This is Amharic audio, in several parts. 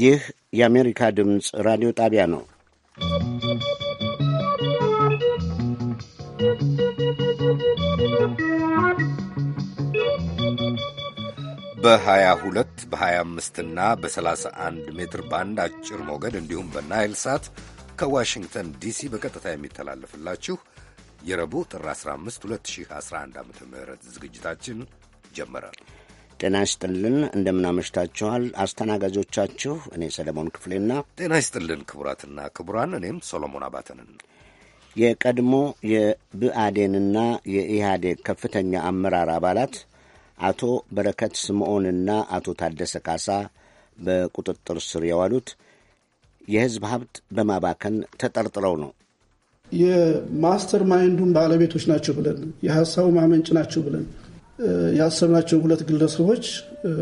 ይህ የአሜሪካ ድምፅ ራዲዮ ጣቢያ ነው። በ22 በ25 እና በ31 ሜትር ባንድ አጭር ሞገድ እንዲሁም በናይል ሳት ከዋሽንግተን ዲሲ በቀጥታ የሚተላለፍላችሁ የረቡዕ ጥር 15 2011 ዓ ም ዝግጅታችን ጀመረ። ጤና ይስጥልን እንደምናመሽታችኋል። አስተናጋጆቻችሁ እኔ ሰለሞን ክፍሌና ጤና ይስጥልን ክቡራትና ክቡራን፣ እኔም ሶሎሞን አባተንን። የቀድሞ የብአዴንና የኢህአዴግ ከፍተኛ አመራር አባላት አቶ በረከት ስምዖንና አቶ ታደሰ ካሳ በቁጥጥር ስር የዋሉት የህዝብ ሀብት በማባከን ተጠርጥረው ነው። የማስተር ማይንዱን ባለቤቶች ናቸው ብለን የሀሳቡ ማመንጭ ናቸው ብለን ያሰብናቸው ሁለት ግለሰቦች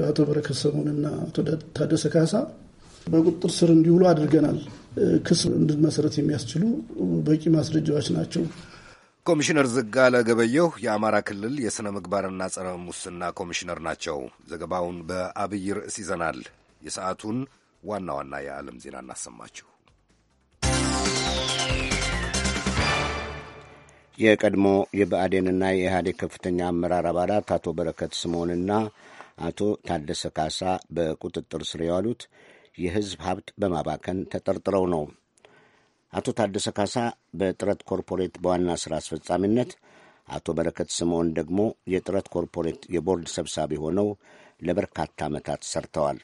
አቶ በረከት ስምኦንና አቶ ታደሰ ካሳ በቁጥጥር ስር እንዲውሉ አድርገናል። ክስ እንድንመሰረት የሚያስችሉ በቂ ማስረጃዎች ናቸው። ኮሚሽነር ዝጋለ ገበየሁ የአማራ ክልል የሥነ ምግባርና ጸረ ሙስና ኮሚሽነር ናቸው። ዘገባውን በአብይ ርዕስ ይዘናል። የሰዓቱን ዋና ዋና የዓለም ዜና እናሰማችሁ። የቀድሞ የብአዴንና የኢህአዴግ ከፍተኛ አመራር አባላት አቶ በረከት ስምዖንና አቶ ታደሰ ካሳ በቁጥጥር ስር የዋሉት የህዝብ ሀብት በማባከን ተጠርጥረው ነው። አቶ ታደሰ ካሳ በጥረት ኮርፖሬት በዋና ሥራ አስፈጻሚነት፣ አቶ በረከት ስምዖን ደግሞ የጥረት ኮርፖሬት የቦርድ ሰብሳቢ ሆነው ለበርካታ ዓመታት ሰርተዋል።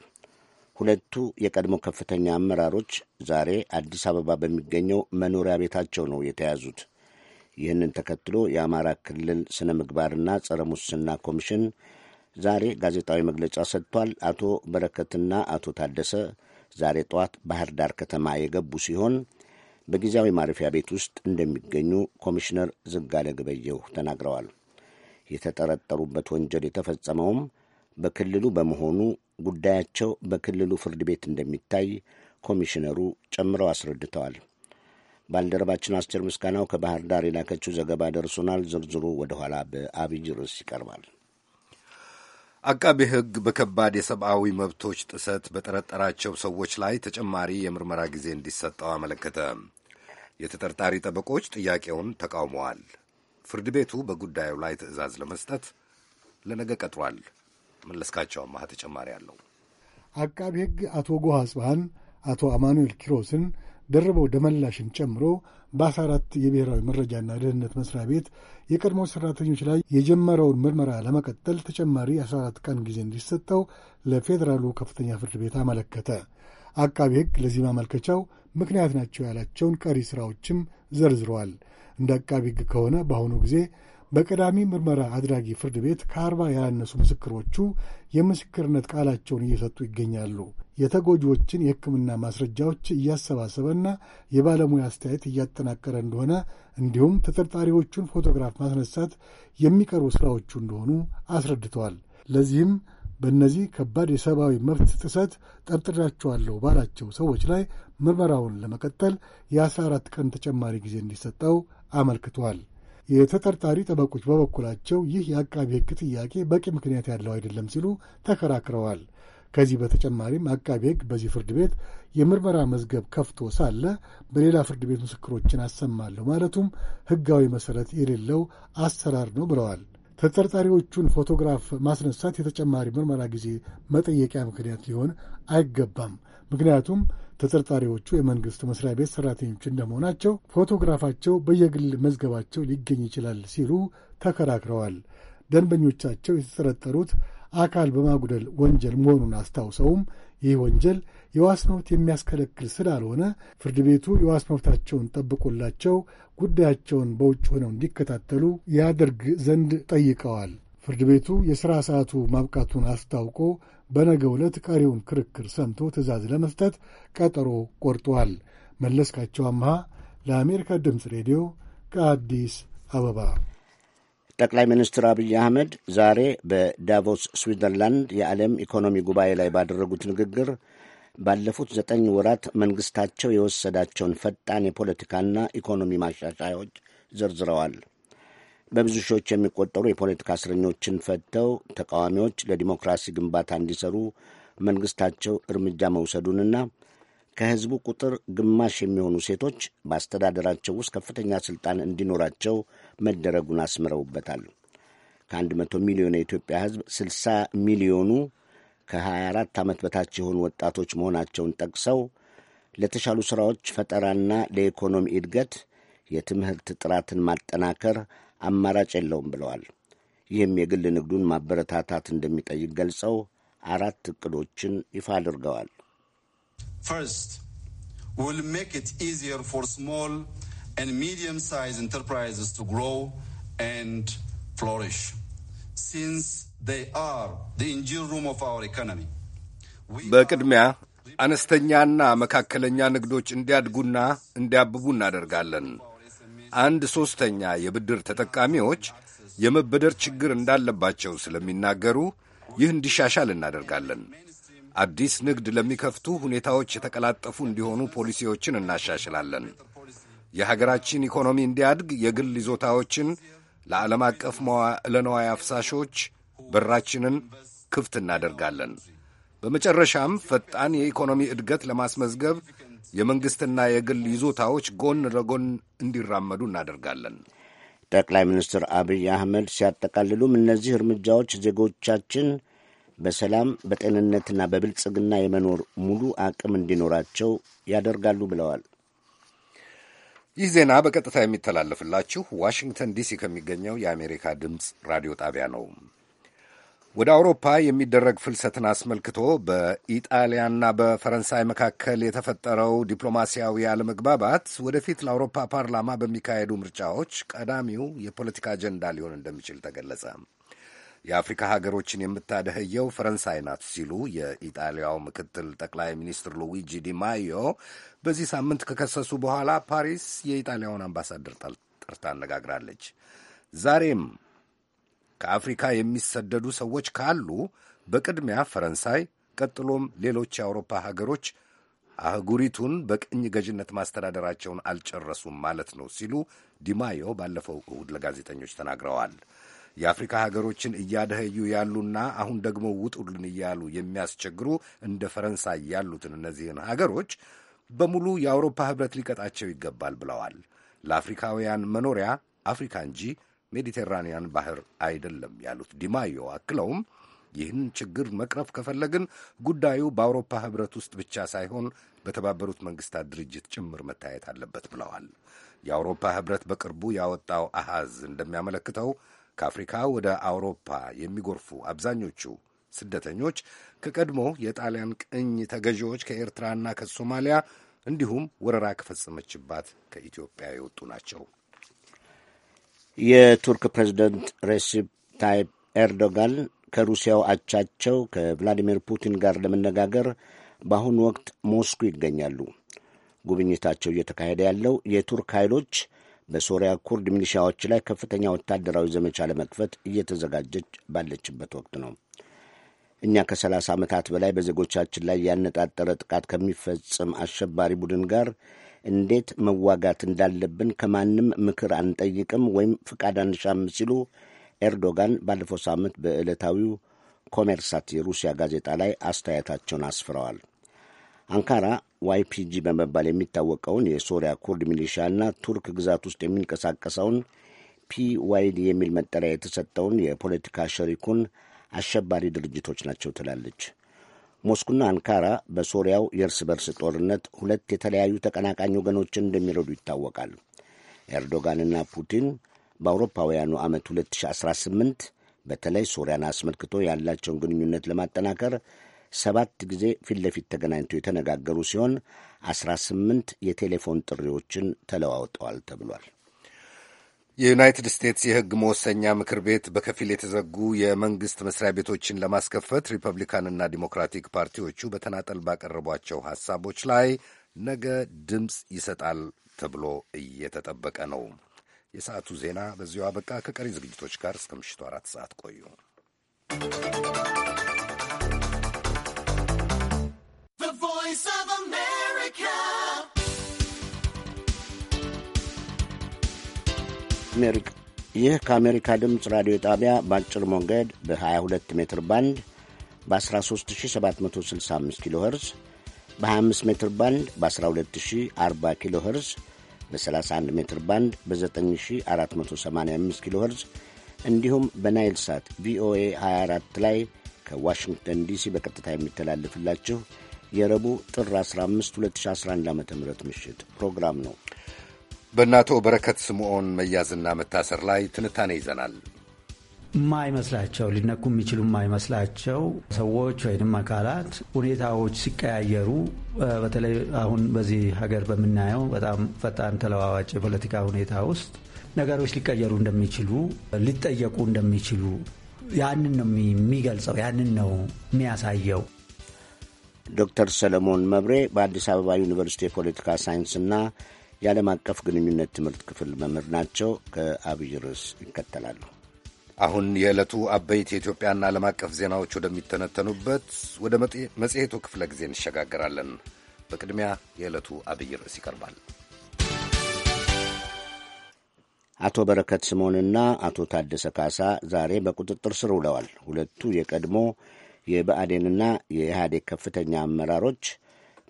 ሁለቱ የቀድሞ ከፍተኛ አመራሮች ዛሬ አዲስ አበባ በሚገኘው መኖሪያ ቤታቸው ነው የተያዙት። ይህንን ተከትሎ የአማራ ክልል ስነ ምግባርና ጸረ ሙስና ኮሚሽን ዛሬ ጋዜጣዊ መግለጫ ሰጥቷል። አቶ በረከትና አቶ ታደሰ ዛሬ ጠዋት ባህር ዳር ከተማ የገቡ ሲሆን በጊዜያዊ ማረፊያ ቤት ውስጥ እንደሚገኙ ኮሚሽነር ዝጋለ ግበየሁ ተናግረዋል። የተጠረጠሩበት ወንጀል የተፈጸመውም በክልሉ በመሆኑ ጉዳያቸው በክልሉ ፍርድ ቤት እንደሚታይ ኮሚሽነሩ ጨምረው አስረድተዋል። ባልደረባችን አስቴር ምስጋናው ከባህር ዳር የላከችው ዘገባ ደርሶናል። ዝርዝሩ ወደ ኋላ በአብይ ርዕስ ይቀርባል። አቃቤ ሕግ በከባድ የሰብአዊ መብቶች ጥሰት በጠረጠራቸው ሰዎች ላይ ተጨማሪ የምርመራ ጊዜ እንዲሰጠው አመለከተ። የተጠርጣሪ ጠበቆች ጥያቄውን ተቃውመዋል። ፍርድ ቤቱ በጉዳዩ ላይ ትዕዛዝ ለመስጠት ለነገ ቀጥሯል። መለስካቸው አማሃ ተጨማሪ አለው። አቃቤ ሕግ አቶ ጎሃ ጽባህን፣ አቶ አማኑኤል ኪሮስን ደርበው ደመላሽን ጨምሮ በአስራ አራት የብሔራዊ መረጃና ደህንነት መስሪያ ቤት የቀድሞ ሠራተኞች ላይ የጀመረውን ምርመራ ለመቀጠል ተጨማሪ 14 ቀን ጊዜ እንዲሰጠው ለፌዴራሉ ከፍተኛ ፍርድ ቤት አመለከተ። አቃቢ ሕግ ለዚህ ማመልከቻው ምክንያት ናቸው ያላቸውን ቀሪ ሥራዎችም ዘርዝረዋል። እንደ አቃቢ ሕግ ከሆነ በአሁኑ ጊዜ በቀዳሚ ምርመራ አድራጊ ፍርድ ቤት ከአርባ ያላነሱ ምስክሮቹ የምስክርነት ቃላቸውን እየሰጡ ይገኛሉ። የተጎጂዎችን የሕክምና ማስረጃዎች እያሰባሰበና የባለሙያ አስተያየት እያጠናቀረ እንደሆነ እንዲሁም ተጠርጣሪዎቹን ፎቶግራፍ ማስነሳት የሚቀርቡ ሥራዎቹ እንደሆኑ አስረድተዋል። ለዚህም በእነዚህ ከባድ የሰብአዊ መብት ጥሰት ጠርጥሬያቸዋለሁ ባላቸው ሰዎች ላይ ምርመራውን ለመቀጠል የ14 ቀን ተጨማሪ ጊዜ እንዲሰጠው አመልክቷል። የተጠርጣሪ ጠበቆች በበኩላቸው ይህ የአቃቢ ሕግ ጥያቄ በቂ ምክንያት ያለው አይደለም ሲሉ ተከራክረዋል። ከዚህ በተጨማሪም አቃቤ ሕግ በዚህ ፍርድ ቤት የምርመራ መዝገብ ከፍቶ ሳለ በሌላ ፍርድ ቤት ምስክሮችን አሰማለሁ ማለቱም ሕጋዊ መሠረት የሌለው አሰራር ነው ብለዋል። ተጠርጣሪዎቹን ፎቶግራፍ ማስነሳት የተጨማሪ ምርመራ ጊዜ መጠየቂያ ምክንያት ሊሆን አይገባም። ምክንያቱም ተጠርጣሪዎቹ የመንግሥት መስሪያ ቤት ሠራተኞች እንደመሆናቸው ፎቶግራፋቸው በየግል መዝገባቸው ሊገኝ ይችላል ሲሉ ተከራክረዋል። ደንበኞቻቸው የተጠረጠሩት አካል በማጉደል ወንጀል መሆኑን አስታውሰውም ይህ ወንጀል የዋስ መብት የሚያስከለክል ስላልሆነ ፍርድ ቤቱ የዋስ መብታቸውን ጠብቆላቸው ጉዳያቸውን በውጭ ሆነው እንዲከታተሉ ያደርግ ዘንድ ጠይቀዋል። ፍርድ ቤቱ የሥራ ሰዓቱ ማብቃቱን አስታውቆ በነገ ዕለት ቀሪውን ክርክር ሰምቶ ትዕዛዝ ለመስጠት ቀጠሮ ቆርጧል። መለስካቸው አምሃ ለአሜሪካ ድምፅ ሬዲዮ ከአዲስ አበባ ጠቅላይ ሚኒስትር አብይ አህመድ ዛሬ በዳቮስ ስዊዘርላንድ የዓለም ኢኮኖሚ ጉባኤ ላይ ባደረጉት ንግግር ባለፉት ዘጠኝ ወራት መንግሥታቸው የወሰዳቸውን ፈጣን የፖለቲካና ኢኮኖሚ ማሻሻያዎች ዘርዝረዋል። በብዙ ሺዎች የሚቆጠሩ የፖለቲካ እስረኞችን ፈተው ተቃዋሚዎች ለዲሞክራሲ ግንባታ እንዲሰሩ መንግሥታቸው እርምጃ መውሰዱንና ከህዝቡ ቁጥር ግማሽ የሚሆኑ ሴቶች በአስተዳደራቸው ውስጥ ከፍተኛ ሥልጣን እንዲኖራቸው መደረጉን አስምረውበታል። ከአንድ መቶ ሚሊዮን የኢትዮጵያ ሕዝብ 60 ሚሊዮኑ ከ24 ዓመት በታች የሆኑ ወጣቶች መሆናቸውን ጠቅሰው ለተሻሉ ሥራዎች ፈጠራና ለኢኮኖሚ እድገት የትምህርት ጥራትን ማጠናከር አማራጭ የለውም ብለዋል። ይህም የግል ንግዱን ማበረታታት እንደሚጠይቅ ገልጸው አራት ዕቅዶችን ይፋ አድርገዋል። First, we will make it easier for small and medium-sized enterprises to grow and flourish, since they are the engine room of our economy. በቅድሚያ አነስተኛና መካከለኛ ንግዶች እንዲያድጉና እንዲያብቡ እናደርጋለን። አንድ ሦስተኛ የብድር ተጠቃሚዎች የመበደር ችግር እንዳለባቸው ስለሚናገሩ ይህ እንዲሻሻል እናደርጋለን። አዲስ ንግድ ለሚከፍቱ ሁኔታዎች የተቀላጠፉ እንዲሆኑ ፖሊሲዎችን እናሻሽላለን። የሀገራችን ኢኮኖሚ እንዲያድግ የግል ይዞታዎችን ለዓለም አቀፍ መዋዕለ ንዋይ አፍሳሾች በራችንን ክፍት እናደርጋለን። በመጨረሻም ፈጣን የኢኮኖሚ እድገት ለማስመዝገብ የመንግሥትና የግል ይዞታዎች ጎን ለጎን እንዲራመዱ እናደርጋለን። ጠቅላይ ሚኒስትር አብይ አህመድ ሲያጠቃልሉም እነዚህ እርምጃዎች ዜጎቻችን በሰላም በጤንነትና በብልጽግና የመኖር ሙሉ አቅም እንዲኖራቸው ያደርጋሉ ብለዋል። ይህ ዜና በቀጥታ የሚተላለፍላችሁ ዋሽንግተን ዲሲ ከሚገኘው የአሜሪካ ድምፅ ራዲዮ ጣቢያ ነው። ወደ አውሮፓ የሚደረግ ፍልሰትን አስመልክቶ በኢጣሊያና በፈረንሳይ መካከል የተፈጠረው ዲፕሎማሲያዊ አለመግባባት ወደፊት ለአውሮፓ ፓርላማ በሚካሄዱ ምርጫዎች ቀዳሚው የፖለቲካ አጀንዳ ሊሆን እንደሚችል ተገለጸ። የአፍሪካ ሀገሮችን የምታደህየው ፈረንሳይ ናት ሲሉ የኢጣሊያው ምክትል ጠቅላይ ሚኒስትር ሉዊጂ ዲማዮ በዚህ ሳምንት ከከሰሱ በኋላ ፓሪስ የኢጣሊያውን አምባሳደር ጠርታ አነጋግራለች። ዛሬም ከአፍሪካ የሚሰደዱ ሰዎች ካሉ በቅድሚያ ፈረንሳይ፣ ቀጥሎም ሌሎች የአውሮፓ ሀገሮች አህጉሪቱን በቅኝ ገዥነት ማስተዳደራቸውን አልጨረሱም ማለት ነው ሲሉ ዲማዮ ባለፈው እሁድ ለጋዜጠኞች ተናግረዋል። የአፍሪካ ሀገሮችን እያደኸዩ ያሉና አሁን ደግሞ ውጡልን እያሉ የሚያስቸግሩ እንደ ፈረንሳይ ያሉትን እነዚህን ሀገሮች በሙሉ የአውሮፓ ህብረት ሊቀጣቸው ይገባል ብለዋል። ለአፍሪካውያን መኖሪያ አፍሪካ እንጂ ሜዲቴራንያን ባህር አይደለም ያሉት ዲማዮ አክለውም ይህን ችግር መቅረፍ ከፈለግን ጉዳዩ በአውሮፓ ህብረት ውስጥ ብቻ ሳይሆን በተባበሩት መንግስታት ድርጅት ጭምር መታየት አለበት ብለዋል። የአውሮፓ ህብረት በቅርቡ ያወጣው አሃዝ እንደሚያመለክተው ከአፍሪካ ወደ አውሮፓ የሚጎርፉ አብዛኞቹ ስደተኞች ከቀድሞ የጣሊያን ቅኝ ተገዢዎች ከኤርትራና ከሶማሊያ እንዲሁም ወረራ ከፈጸመችባት ከኢትዮጵያ የወጡ ናቸው። የቱርክ ፕሬዝደንት ሬሲፕ ታይፕ ኤርዶጋን ከሩሲያው አቻቸው ከቭላዲሚር ፑቲን ጋር ለመነጋገር በአሁኑ ወቅት ሞስኩ ይገኛሉ። ጉብኝታቸው እየተካሄደ ያለው የቱርክ ኃይሎች በሶሪያ ኩርድ ሚሊሻዎች ላይ ከፍተኛ ወታደራዊ ዘመቻ ለመክፈት እየተዘጋጀች ባለችበት ወቅት ነው። እኛ ከ30 ዓመታት በላይ በዜጎቻችን ላይ ያነጣጠረ ጥቃት ከሚፈጽም አሸባሪ ቡድን ጋር እንዴት መዋጋት እንዳለብን ከማንም ምክር አንጠይቅም ወይም ፍቃድ አንሻም ሲሉ ኤርዶጋን ባለፈው ሳምንት በዕለታዊው ኮሜርሳት የሩሲያ ጋዜጣ ላይ አስተያየታቸውን አስፍረዋል። አንካራ ዋይፒጂ በመባል የሚታወቀውን የሶሪያ ኩርድ ሚሊሻና ቱርክ ግዛት ውስጥ የሚንቀሳቀሰውን ፒዋይዲ የሚል መጠሪያ የተሰጠውን የፖለቲካ ሸሪኩን አሸባሪ ድርጅቶች ናቸው ትላለች። ሞስኩና አንካራ በሶሪያው የእርስ በርስ ጦርነት ሁለት የተለያዩ ተቀናቃኝ ወገኖችን እንደሚረዱ ይታወቃል። ኤርዶጋንና ፑቲን በአውሮፓውያኑ ዓመት 2018 በተለይ ሶሪያን አስመልክቶ ያላቸውን ግንኙነት ለማጠናከር ሰባት ጊዜ ፊት ለፊት ተገናኝተው የተነጋገሩ ሲሆን አስራ ስምንት የቴሌፎን ጥሪዎችን ተለዋውጠዋል ተብሏል። የዩናይትድ ስቴትስ የሕግ መወሰኛ ምክር ቤት በከፊል የተዘጉ የመንግሥት መስሪያ ቤቶችን ለማስከፈት ሪፐብሊካንና ዲሞክራቲክ ፓርቲዎቹ በተናጠል ባቀረቧቸው ሐሳቦች ላይ ነገ ድምፅ ይሰጣል ተብሎ እየተጠበቀ ነው። የሰዓቱ ዜና በዚሁ አበቃ። ከቀሪ ዝግጅቶች ጋር እስከ ምሽቱ አራት ሰዓት ቆዩ። ይህ ከአሜሪካ ድምፅ ራዲዮ ጣቢያ በአጭር ሞገድ በ22 ሜትር ባንድ በ13765 ኪሎ ኸርዝ በ25 ሜትር ባንድ በ1240 ኪሎ ኸርዝ በ31 ሜትር ባንድ በ9485 ኪሎ ኸርዝ እንዲሁም በናይል ሳት ቪኦኤ 24 ላይ ከዋሽንግተን ዲሲ በቀጥታ የሚተላለፍላችሁ የረቡዕ ጥር 15 2011 ዓ ም ምሽት ፕሮግራም ነው። በእነ አቶ በረከት ስምዖን መያዝና መታሰር ላይ ትንታኔ ይዘናል። ማይመስላቸው ሊነኩ የሚችሉ ማይመስላቸው ሰዎች ወይም አካላት ሁኔታዎች ሲቀያየሩ በተለይ አሁን በዚህ ሀገር በምናየው በጣም ፈጣን ተለዋዋጭ የፖለቲካ ሁኔታ ውስጥ ነገሮች ሊቀየሩ እንደሚችሉ ሊጠየቁ እንደሚችሉ ያንን ነው የሚገልጸው፣ ያንን ነው የሚያሳየው። ዶክተር ሰለሞን መብሬ በአዲስ አበባ ዩኒቨርሲቲ የፖለቲካ ሳይንስና የዓለም አቀፍ ግንኙነት ትምህርት ክፍል መምህር ናቸው። ከአብይ ርዕስ ይከተላሉ። አሁን የዕለቱ አበይት የኢትዮጵያና ዓለም አቀፍ ዜናዎች ወደሚተነተኑበት ወደ መጽሔቱ ክፍለ ጊዜ እንሸጋገራለን። በቅድሚያ የዕለቱ አብይ ርዕስ ይቀርባል። አቶ በረከት ስምዖንና አቶ ታደሰ ካሳ ዛሬ በቁጥጥር ስር ውለዋል። ሁለቱ የቀድሞ የብአዴንና የኢህአዴግ ከፍተኛ አመራሮች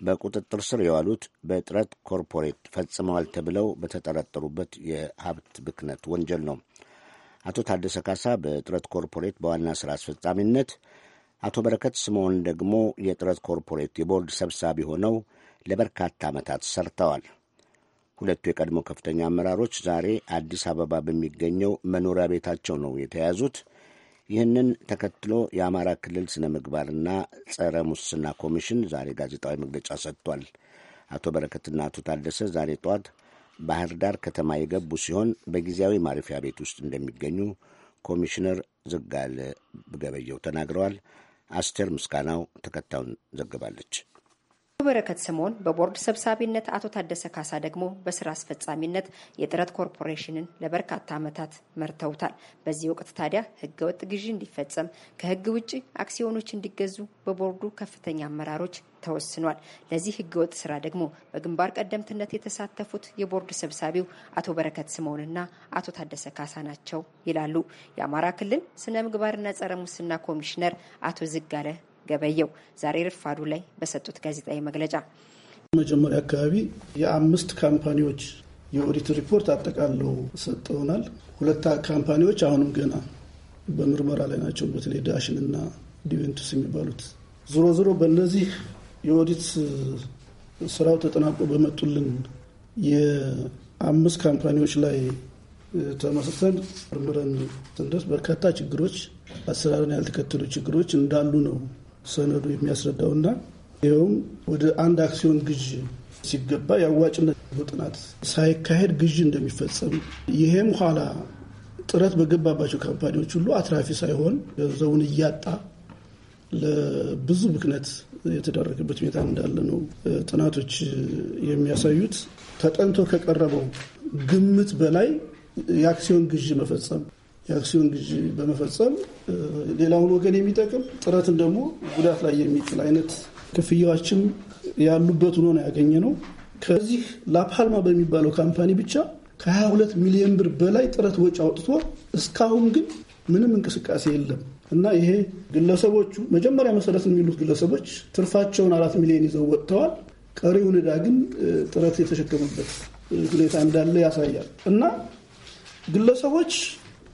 በቁጥጥር ስር የዋሉት በጥረት ኮርፖሬት ፈጽመዋል ተብለው በተጠረጠሩበት የሀብት ብክነት ወንጀል ነው። አቶ ታደሰ ካሳ በጥረት ኮርፖሬት በዋና ሥራ አስፈጻሚነት፣ አቶ በረከት ስምዖን ደግሞ የጥረት ኮርፖሬት የቦርድ ሰብሳቢ ሆነው ለበርካታ ዓመታት ሰርተዋል። ሁለቱ የቀድሞ ከፍተኛ አመራሮች ዛሬ አዲስ አበባ በሚገኘው መኖሪያ ቤታቸው ነው የተያዙት። ይህንን ተከትሎ የአማራ ክልል ስነ ምግባርና ጸረ ሙስና ኮሚሽን ዛሬ ጋዜጣዊ መግለጫ ሰጥቷል። አቶ በረከትና አቶ ታደሰ ዛሬ ጠዋት ባህር ዳር ከተማ የገቡ ሲሆን በጊዜያዊ ማረፊያ ቤት ውስጥ እንደሚገኙ ኮሚሽነር ዘጋለ ገበየው ተናግረዋል። አስቴር ምስጋናው ተከታዩን ዘግባለች። በረከት ስምኦን በቦርድ ሰብሳቢነት፣ አቶ ታደሰ ካሳ ደግሞ በስራ አስፈጻሚነት የጥረት ኮርፖሬሽንን ለበርካታ ዓመታት መርተውታል። በዚህ ወቅት ታዲያ ህገወጥ ግዢ እንዲፈጸም፣ ከህግ ውጭ አክሲዮኖች እንዲገዙ በቦርዱ ከፍተኛ አመራሮች ተወስኗል። ለዚህ ህገወጥ ስራ ደግሞ በግንባር ቀደምትነት የተሳተፉት የቦርድ ሰብሳቢው አቶ በረከት ስምኦንና አቶ ታደሰ ካሳ ናቸው ይላሉ የአማራ ክልል ስነ ምግባርና ጸረ ሙስና ኮሚሽነር አቶ ዝጋለ ገበየው ዛሬ ርፋዱ ላይ በሰጡት ጋዜጣዊ መግለጫ መጀመሪያ አካባቢ የአምስት ካምፓኒዎች የኦዲት ሪፖርት አጠቃለው ሰጠውናል። ሁለት ካምፓኒዎች አሁንም ገና በምርመራ ላይ ናቸው። በተለይ ዳሽን እና ዲቬንቱስ የሚባሉት ዞሮ ዞሮ በእነዚህ የኦዲት ስራው ተጠናቆ በመጡልን የአምስት ካምፓኒዎች ላይ ተመስርተን ምርምረን ስንደርስ በርካታ ችግሮች፣ አሰራርን ያልተከተሉ ችግሮች እንዳሉ ነው ሰነዱ የሚያስረዳውና ይኸውም ወደ አንድ አክሲዮን ግዥ ሲገባ የአዋጭነት ጥናት ሳይካሄድ ግዥ እንደሚፈጸም ይሄም ኋላ ጥረት በገባባቸው ካምፓኒዎች ሁሉ አትራፊ ሳይሆን ገንዘቡን እያጣ ለብዙ ብክነት የተዳረገበት ሁኔታ እንዳለ ነው ጥናቶች የሚያሳዩት። ተጠንቶ ከቀረበው ግምት በላይ የአክሲዮን ግዥ መፈጸም የአክሲዮን ግዢ በመፈጸም ሌላውን ወገን የሚጠቅም ጥረትን ደግሞ ጉዳት ላይ የሚጥል አይነት ክፍያዎችም ያሉበት ሆኖ ነው ያገኘ ነው። ከዚህ ላፓልማ በሚባለው ካምፓኒ ብቻ ከ22 ሚሊዮን ብር በላይ ጥረት ወጪ አውጥቶ እስካሁን ግን ምንም እንቅስቃሴ የለም እና ይሄ ግለሰቦቹ መጀመሪያ መሰረት የሚሉት ግለሰቦች ትርፋቸውን አራት ሚሊዮን ይዘው ወጥተዋል። ቀሪውን ዕዳ ግን ጥረት የተሸከመበት ሁኔታ እንዳለ ያሳያል እና ግለሰቦች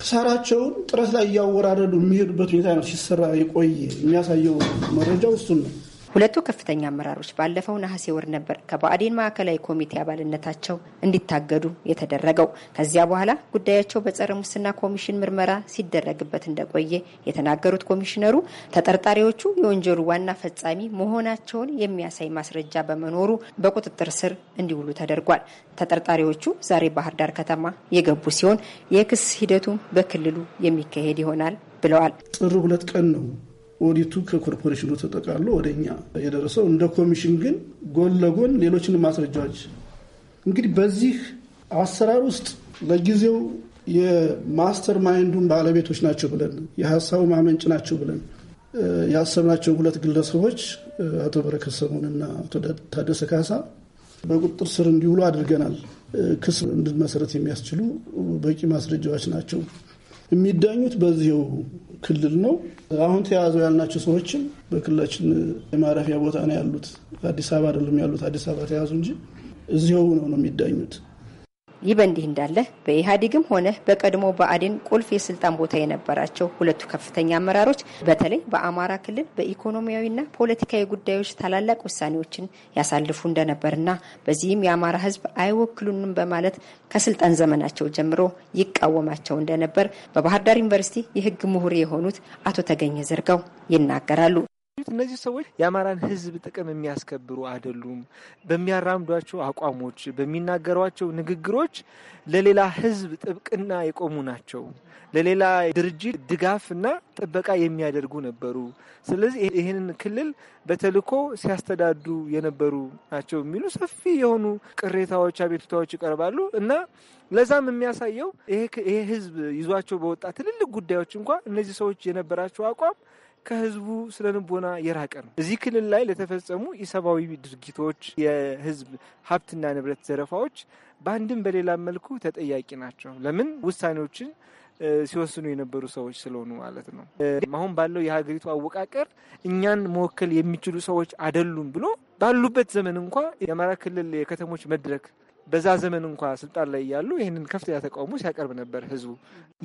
ሳራቸውን ጥረት ላይ እያወራረዱ የሚሄዱበት ሁኔታ ነው ሲሰራ የቆየ የሚያሳየው መረጃ እሱን ነው። ሁለቱ ከፍተኛ አመራሮች ባለፈው ነሐሴ ወር ነበር ከባዕዴን ማዕከላዊ ኮሚቴ አባልነታቸው እንዲታገዱ የተደረገው። ከዚያ በኋላ ጉዳያቸው በጸረ ሙስና ኮሚሽን ምርመራ ሲደረግበት እንደቆየ የተናገሩት ኮሚሽነሩ ተጠርጣሪዎቹ የወንጀሉ ዋና ፈጻሚ መሆናቸውን የሚያሳይ ማስረጃ በመኖሩ በቁጥጥር ስር እንዲውሉ ተደርጓል። ተጠርጣሪዎቹ ዛሬ ባህር ዳር ከተማ የገቡ ሲሆን የክስ ሂደቱ በክልሉ የሚካሄድ ይሆናል ብለዋል። ጥር ሁለት ቀን ነው ኦዲቱ ከኮርፖሬሽኑ ተጠቃሎ ወደኛ የደረሰው እንደ ኮሚሽን ግን ጎን ለጎን ሌሎችን ማስረጃዎች እንግዲህ በዚህ አሰራር ውስጥ ለጊዜው የማስተር ማይንዱን ባለቤቶች ናቸው ብለን የሀሳቡ ማመንጭ ናቸው ብለን ያሰብናቸው ሁለት ግለሰቦች አቶ በረከት ሰሞንና አቶ ታደሰ ካሳ በቁጥር ስር እንዲውሉ አድርገናል። ክስ እንድንመሰረት የሚያስችሉ በቂ ማስረጃዎች ናቸው። የሚዳኙት በዚሁ ክልል ነው። አሁን ተያዘው ያልናቸው ሰዎችም በክልላችን የማረፊያ ቦታ ነው ያሉት። አዲስ አበባ አይደለም ያሉት። አዲስ አበባ ተያዙ እንጂ እዚው ነው ነው የሚዳኙት። ይህ በእንዲህ እንዳለ በኢህአዴግም ሆነ በቀድሞ በአዴን ቁልፍ የስልጣን ቦታ የነበራቸው ሁለቱ ከፍተኛ አመራሮች በተለይ በአማራ ክልል በኢኮኖሚያዊና ፖለቲካዊ ጉዳዮች ታላላቅ ውሳኔዎችን ያሳልፉ እንደነበርና በዚህም የአማራ ሕዝብ አይወክሉንም በማለት ከስልጣን ዘመናቸው ጀምሮ ይቃወማቸው እንደነበር በባህር ዳር ዩኒቨርሲቲ የሕግ ምሁር የሆኑት አቶ ተገኘ ዘርጋው ይናገራሉ። እነዚህ ሰዎች የአማራን ህዝብ ጥቅም የሚያስከብሩ አይደሉም። በሚያራምዷቸው አቋሞች፣ በሚናገሯቸው ንግግሮች ለሌላ ህዝብ ጥብቅና የቆሙ ናቸው። ለሌላ ድርጅት ድጋፍና ጥበቃ የሚያደርጉ ነበሩ። ስለዚህ ይህንን ክልል በተልዕኮ ሲያስተዳዱ የነበሩ ናቸው የሚሉ ሰፊ የሆኑ ቅሬታዎች፣ አቤቱታዎች ይቀርባሉ እና ለዛም የሚያሳየው ይሄ ህዝብ ይዟቸው በወጣ ትልልቅ ጉዳዮች እንኳ እነዚህ ሰዎች የነበራቸው አቋም ከህዝቡ ስነ ልቦና የራቀ ነው። እዚህ ክልል ላይ ለተፈጸሙ ኢሰብአዊ ድርጊቶች፣ የህዝብ ሀብትና ንብረት ዘረፋዎች በአንድም በሌላ መልኩ ተጠያቂ ናቸው። ለምን ውሳኔዎችን ሲወስኑ የነበሩ ሰዎች ስለሆኑ ማለት ነው። አሁን ባለው የሀገሪቱ አወቃቀር እኛን መወከል የሚችሉ ሰዎች አይደሉም ብሎ ባሉበት ዘመን እንኳ የአማራ ክልል የከተሞች መድረክ በዛ ዘመን እንኳ ስልጣን ላይ እያሉ ይህንን ከፍተኛ ተቃውሞ ሲያቀርብ ነበር ህዝቡ።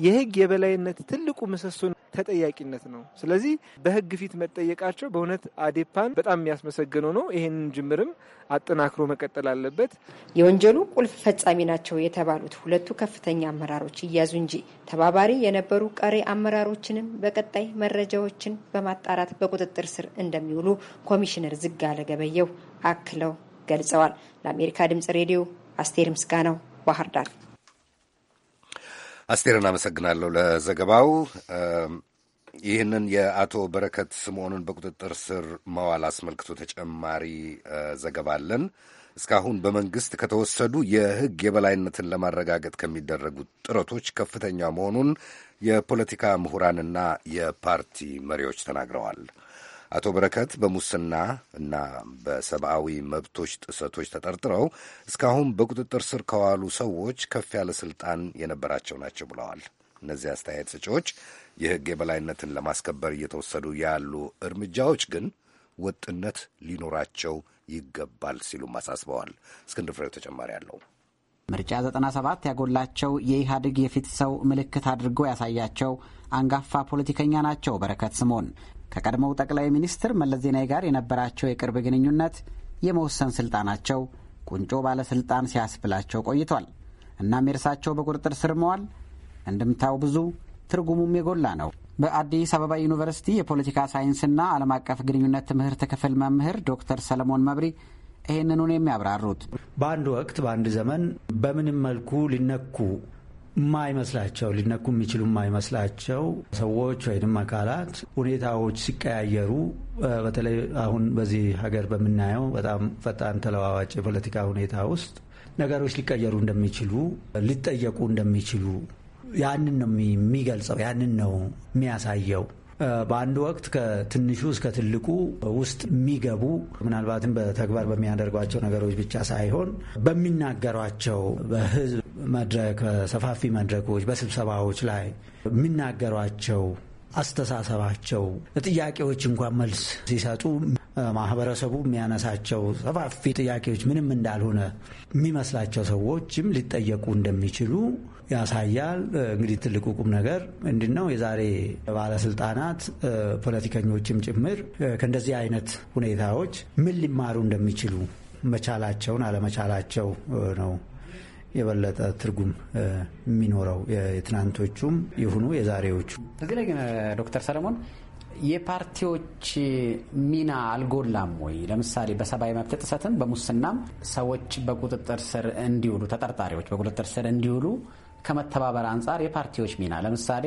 የህግ የበላይነት ትልቁ ምሰሶን ተጠያቂነት ነው። ስለዚህ በህግ ፊት መጠየቃቸው በእውነት አዴፓን በጣም የሚያስመሰግነው ነው። ይህንን ጅምርም አጠናክሮ መቀጠል አለበት። የወንጀሉ ቁልፍ ፈጻሚ ናቸው የተባሉት ሁለቱ ከፍተኛ አመራሮች እያዙ እንጂ ተባባሪ የነበሩ ቀሪ አመራሮችንም በቀጣይ መረጃዎችን በማጣራት በቁጥጥር ስር እንደሚውሉ ኮሚሽነር ዝጋለ ገበየው አክለው ገልጸዋል። ለአሜሪካ ድምጽ ሬዲዮ አስቴር ምስጋናው ባህር ዳር። አስቴርን አመሰግናለሁ ለዘገባው። ይህንን የአቶ በረከት ስምዖንን በቁጥጥር ስር መዋል አስመልክቶ ተጨማሪ ዘገባ አለን። እስካሁን በመንግስት ከተወሰዱ የሕግ የበላይነትን ለማረጋገጥ ከሚደረጉ ጥረቶች ከፍተኛ መሆኑን የፖለቲካ ምሁራንና የፓርቲ መሪዎች ተናግረዋል። አቶ በረከት በሙስና እና በሰብአዊ መብቶች ጥሰቶች ተጠርጥረው እስካሁን በቁጥጥር ስር ከዋሉ ሰዎች ከፍ ያለ ስልጣን የነበራቸው ናቸው ብለዋል። እነዚህ አስተያየት ሰጪዎች የሕግ የበላይነትን ለማስከበር እየተወሰዱ ያሉ እርምጃዎች ግን ወጥነት ሊኖራቸው ይገባል ሲሉም አሳስበዋል። እስክንድር ፍሬው ተጨማሪ አለው። ምርጫ 97 ያጎላቸው የኢህአዴግ የፊት ሰው ምልክት አድርጎ ያሳያቸው አንጋፋ ፖለቲከኛ ናቸው በረከት ስምኦን። ከቀድሞው ጠቅላይ ሚኒስትር መለስ ዜናዊ ጋር የነበራቸው የቅርብ ግንኙነት የመወሰን ስልጣናቸው ቁንጮ ባለስልጣን ሲያስብላቸው ቆይቷል። እናም የእርሳቸው በቁጥጥር ስር መዋል እንድምታው ብዙ ትርጉሙም የጎላ ነው። በአዲስ አበባ ዩኒቨርሲቲ የፖለቲካ ሳይንስና ዓለም አቀፍ ግንኙነት ትምህርት ክፍል መምህር ዶክተር ሰለሞን መብሪ ይህንኑን የሚያብራሩት በአንድ ወቅት በአንድ ዘመን በምንም መልኩ ሊነኩ ማይመስላቸው ሊነኩ የሚችሉ ማይመስላቸው ሰዎች ወይም አካላት ሁኔታዎች ሲቀያየሩ በተለይ አሁን በዚህ ሀገር በምናየው በጣም ፈጣን ተለዋዋጭ የፖለቲካ ሁኔታ ውስጥ ነገሮች ሊቀየሩ እንደሚችሉ ሊጠየቁ እንደሚችሉ ያንን ነው የሚገልጸው፣ ያንን ነው የሚያሳየው። በአንድ ወቅት ከትንሹ እስከ ትልቁ ውስጥ የሚገቡ ምናልባትም በተግባር በሚያደርጓቸው ነገሮች ብቻ ሳይሆን በሚናገሯቸው በህዝብ መድረክ፣ በሰፋፊ መድረኮች፣ በስብሰባዎች ላይ የሚናገሯቸው አስተሳሰባቸው ጥያቄዎች እንኳን መልስ ሲሰጡ ማህበረሰቡ የሚያነሳቸው ሰፋፊ ጥያቄዎች ምንም እንዳልሆነ የሚመስላቸው ሰዎችም ሊጠየቁ እንደሚችሉ ያሳያል። እንግዲህ ትልቁ ቁም ነገር ምንድን ነው? የዛሬ ባለስልጣናት ፖለቲከኞችም ጭምር ከእንደዚህ አይነት ሁኔታዎች ምን ሊማሩ እንደሚችሉ መቻላቸውን አለመቻላቸው ነው። የበለጠ ትርጉም የሚኖረው የትናንቶቹም ይሁኑ የዛሬዎቹ። እዚህ ላይ ግን ዶክተር ሰለሞን የፓርቲዎች ሚና አልጎላም ወይ? ለምሳሌ በሰብአዊ መብት ጥሰትም በሙስናም ሰዎች በቁጥጥር ስር እንዲውሉ ተጠርጣሪዎች በቁጥጥር ስር እንዲውሉ ከመተባበር አንጻር የፓርቲዎች ሚና ለምሳሌ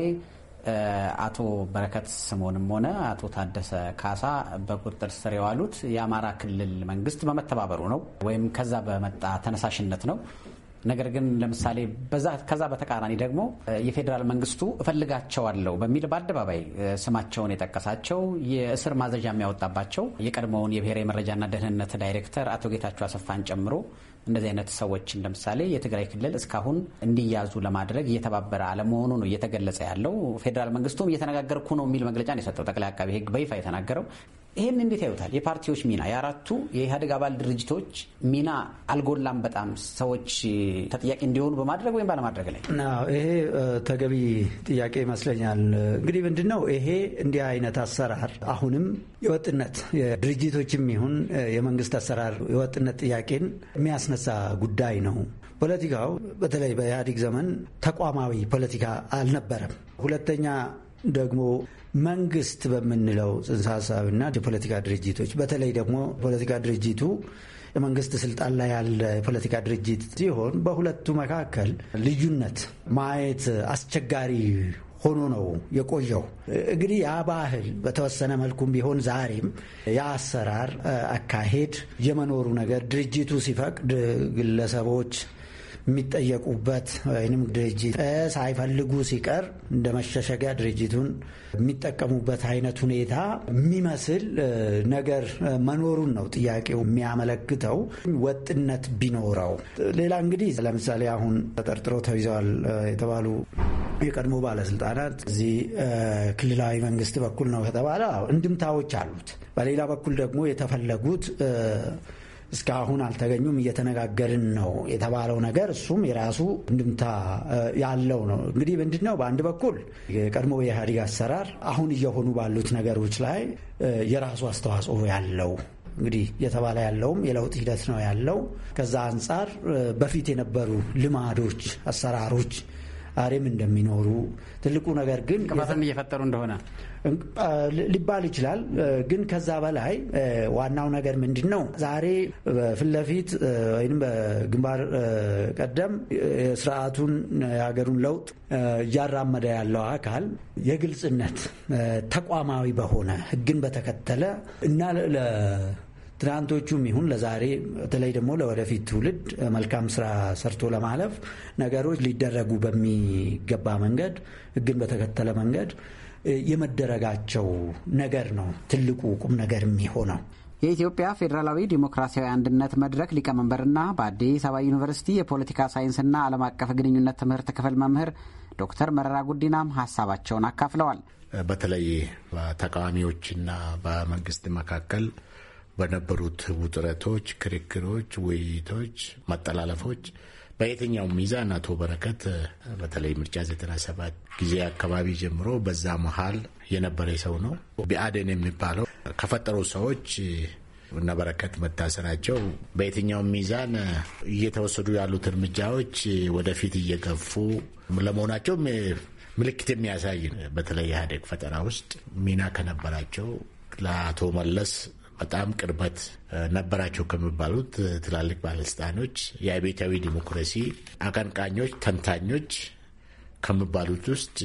አቶ በረከት ስምኦንም ሆነ አቶ ታደሰ ካሳ በቁጥጥር ስር የዋሉት የአማራ ክልል መንግስት በመተባበሩ ነው ወይም ከዛ በመጣ ተነሳሽነት ነው። ነገር ግን ለምሳሌ ከዛ በተቃራኒ ደግሞ የፌዴራል መንግስቱ እፈልጋቸዋለሁ በሚል በአደባባይ ስማቸውን የጠቀሳቸው የእስር ማዘዣ የሚያወጣባቸው የቀድሞውን የብሔራዊ መረጃና ደህንነት ዳይሬክተር አቶ ጌታቸው አሰፋን ጨምሮ እንደዚህ አይነት ሰዎችን ለምሳሌ የትግራይ ክልል እስካሁን እንዲያዙ ለማድረግ እየተባበረ አለመሆኑ ነው እየተገለጸ ያለው። ፌዴራል መንግስቱም እየተነጋገርኩ ነው የሚል መግለጫ ነው የሰጠው ጠቅላይ አቃቤ ሕግ በይፋ የተናገረው። ይህን እንዴት ያዩታል? የፓርቲዎች ሚና፣ የአራቱ የኢህአዴግ አባል ድርጅቶች ሚና አልጎላም። በጣም ሰዎች ተጠያቂ እንዲሆኑ በማድረግ ወይም ባለማድረግ ላይ ይሄ ተገቢ ጥያቄ ይመስለኛል። እንግዲህ ምንድን ነው ይሄ እንዲህ አይነት አሰራር አሁንም የወጥነት የድርጅቶችም ይሁን የመንግስት አሰራር የወጥነት ጥያቄን የሚያስነሳ ጉዳይ ነው። ፖለቲካው በተለይ በኢህአዴግ ዘመን ተቋማዊ ፖለቲካ አልነበረም። ሁለተኛ ደግሞ መንግስት በምንለው ጽንሰ ሀሳብና የፖለቲካ ድርጅቶች በተለይ ደግሞ ፖለቲካ ድርጅቱ የመንግስት ስልጣን ላይ ያለ የፖለቲካ ድርጅት ሲሆን በሁለቱ መካከል ልዩነት ማየት አስቸጋሪ ሆኖ ነው የቆየው። እንግዲህ ያ ባህል በተወሰነ መልኩም ቢሆን ዛሬም ያ አሰራር አካሄድ የመኖሩ ነገር ድርጅቱ ሲፈቅድ ግለሰቦች የሚጠየቁበት ወይም ድርጅት ሳይፈልጉ ሲቀር እንደ መሸሸጊያ ድርጅቱን የሚጠቀሙበት አይነት ሁኔታ የሚመስል ነገር መኖሩን ነው ጥያቄው የሚያመለክተው። ወጥነት ቢኖረው ሌላ እንግዲህ ለምሳሌ አሁን ተጠርጥረው ተይዘዋል የተባሉ የቀድሞ ባለስልጣናት እዚህ ክልላዊ መንግስት በኩል ነው ከተባለ እንድምታዎች አሉት። በሌላ በኩል ደግሞ የተፈለጉት እስካሁን አልተገኙም፣ እየተነጋገርን ነው የተባለው ነገር እሱም የራሱ እንድምታ ያለው ነው። እንግዲህ ምንድን ነው በአንድ በኩል የቀድሞ የኢህአዴግ አሰራር አሁን እየሆኑ ባሉት ነገሮች ላይ የራሱ አስተዋጽኦ ያለው እንግዲህ እየተባለ ያለውም የለውጥ ሂደት ነው ያለው። ከዛ አንጻር በፊት የነበሩ ልማዶች፣ አሰራሮች አሬም እንደሚኖሩ ትልቁ ነገር ግን ቅፋትም እየፈጠሩ እንደሆነ ሊባል ይችላል። ግን ከዛ በላይ ዋናው ነገር ምንድን ነው? ዛሬ ፊት ለፊት ወይም በግንባር ቀደም የስርዓቱን የሀገሩን ለውጥ እያራመደ ያለው አካል የግልጽነት ተቋማዊ በሆነ ህግን በተከተለ እና ትናንቶቹም ይሁን ለዛሬ በተለይ ደግሞ ለወደፊት ትውልድ መልካም ስራ ሰርቶ ለማለፍ ነገሮች ሊደረጉ በሚገባ መንገድ ህግን በተከተለ መንገድ የመደረጋቸው ነገር ነው ትልቁ ቁም ነገር የሚሆነው። የኢትዮጵያ ፌዴራላዊ ዴሞክራሲያዊ አንድነት መድረክ ሊቀመንበርና በአዲስ አበባ ዩኒቨርሲቲ የፖለቲካ ሳይንስና ዓለም አቀፍ ግንኙነት ትምህርት ክፍል መምህር ዶክተር መረራ ጉዲናም ሀሳባቸውን አካፍለዋል። በተለይ በተቃዋሚዎችና በመንግስት መካከል በነበሩት ውጥረቶች፣ ክርክሮች፣ ውይይቶች፣ መጠላለፎች በየትኛው ሚዛን አቶ በረከት በተለይ ምርጫ 97 ጊዜ አካባቢ ጀምሮ በዛ መሀል የነበረ ሰው ነው። ቢአደን የሚባለው ከፈጠሩ ሰዎች እነ በረከት መታሰራቸው በየትኛው ሚዛን እየተወሰዱ ያሉት እርምጃዎች ወደፊት እየገፉ ለመሆናቸው ምልክት የሚያሳይ በተለይ ኢህአዴግ ፈጠራ ውስጥ ሚና ከነበራቸው ለአቶ መለስ በጣም ቅርበት ነበራቸው ከሚባሉት ትላልቅ ባለስልጣኖች፣ የአብዮታዊ ዲሞክራሲ አቀንቃኞች፣ ተንታኞች ከሚባሉት ውስጥ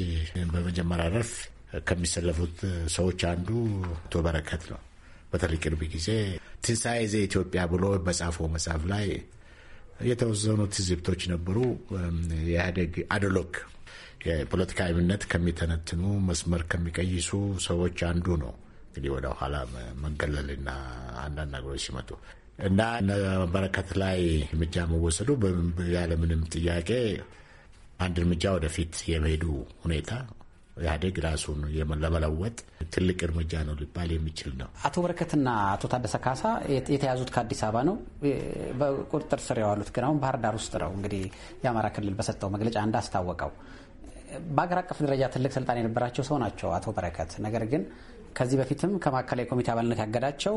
በመጀመሪያ ረፍ ከሚሰለፉት ሰዎች አንዱ አቶ በረከት ነው። በተለይ ቅርብ ጊዜ ትንሣኤ ዘኢትዮጵያ ብሎ በጻፈው መጽሐፍ ላይ የተወሰኑ ትዝብቶች ነበሩ። የኢህአዴግ አደሎክ የፖለቲካ እምነት ከሚተነትኑ መስመር ከሚቀይሱ ሰዎች አንዱ ነው። እንግዲህ ወደ ኋላ መገለልና አንዳንድ ነገሮች ሲመጡ እና በረከት ላይ እርምጃ መወሰዱ ያለምንም ጥያቄ አንድ እርምጃ ወደፊት የመሄዱ ሁኔታ ኢህአዴግ ራሱን ለመለወጥ ትልቅ እርምጃ ነው ሊባል የሚችል ነው። አቶ በረከትና አቶ ታደሰ ካሳ የተያዙት ከአዲስ አበባ ነው። በቁጥጥር ስር የዋሉት ግን አሁን ባህር ዳር ውስጥ ነው። እንግዲህ የአማራ ክልል በሰጠው መግለጫ እንዳስታወቀው በሀገር አቀፍ ደረጃ ትልቅ ስልጣን የነበራቸው ሰው ናቸው አቶ በረከት ነገር ግን ከዚህ በፊትም ከማዕከላዊ ኮሚቴ አባልነት ያገዳቸው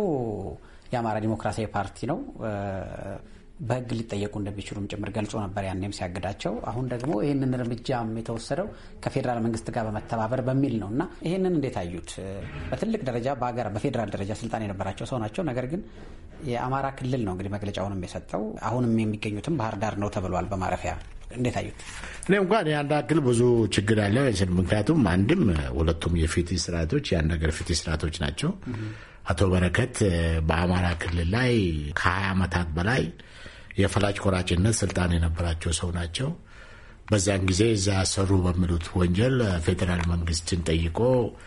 የአማራ ዲሞክራሲያዊ ፓርቲ ነው። በህግ ሊጠየቁ እንደሚችሉም ጭምር ገልጾ ነበር ያኔም ሲያግዳቸው። አሁን ደግሞ ይህንን እርምጃም የተወሰደው ከፌዴራል መንግስት ጋር በመተባበር በሚል ነው እና ይህንን እንዴት አዩት? በትልቅ ደረጃ በሀገር በፌዴራል ደረጃ ስልጣን የነበራቸው ሰው ናቸው። ነገር ግን የአማራ ክልል ነው እንግዲህ መግለጫውንም የሰጠው አሁንም የሚገኙትም ባህር ዳር ነው ተብሏል በማረፊያ እንዴት አዩት? እኔ እንኳን የአንድ አክል ብዙ ችግር አለው። ምክንያቱም አንድም ሁለቱም የፍትህ ስርዓቶች የአንድ ሀገር ፍትህ ስርዓቶች ናቸው። አቶ በረከት በአማራ ክልል ላይ ከሀያ ዓመታት በላይ የፈላጭ ቆራጭነት ስልጣን የነበራቸው ሰው ናቸው። በዚያን ጊዜ እዛ ሰሩ በሚሉት ወንጀል ፌዴራል መንግስትን ጠይቆ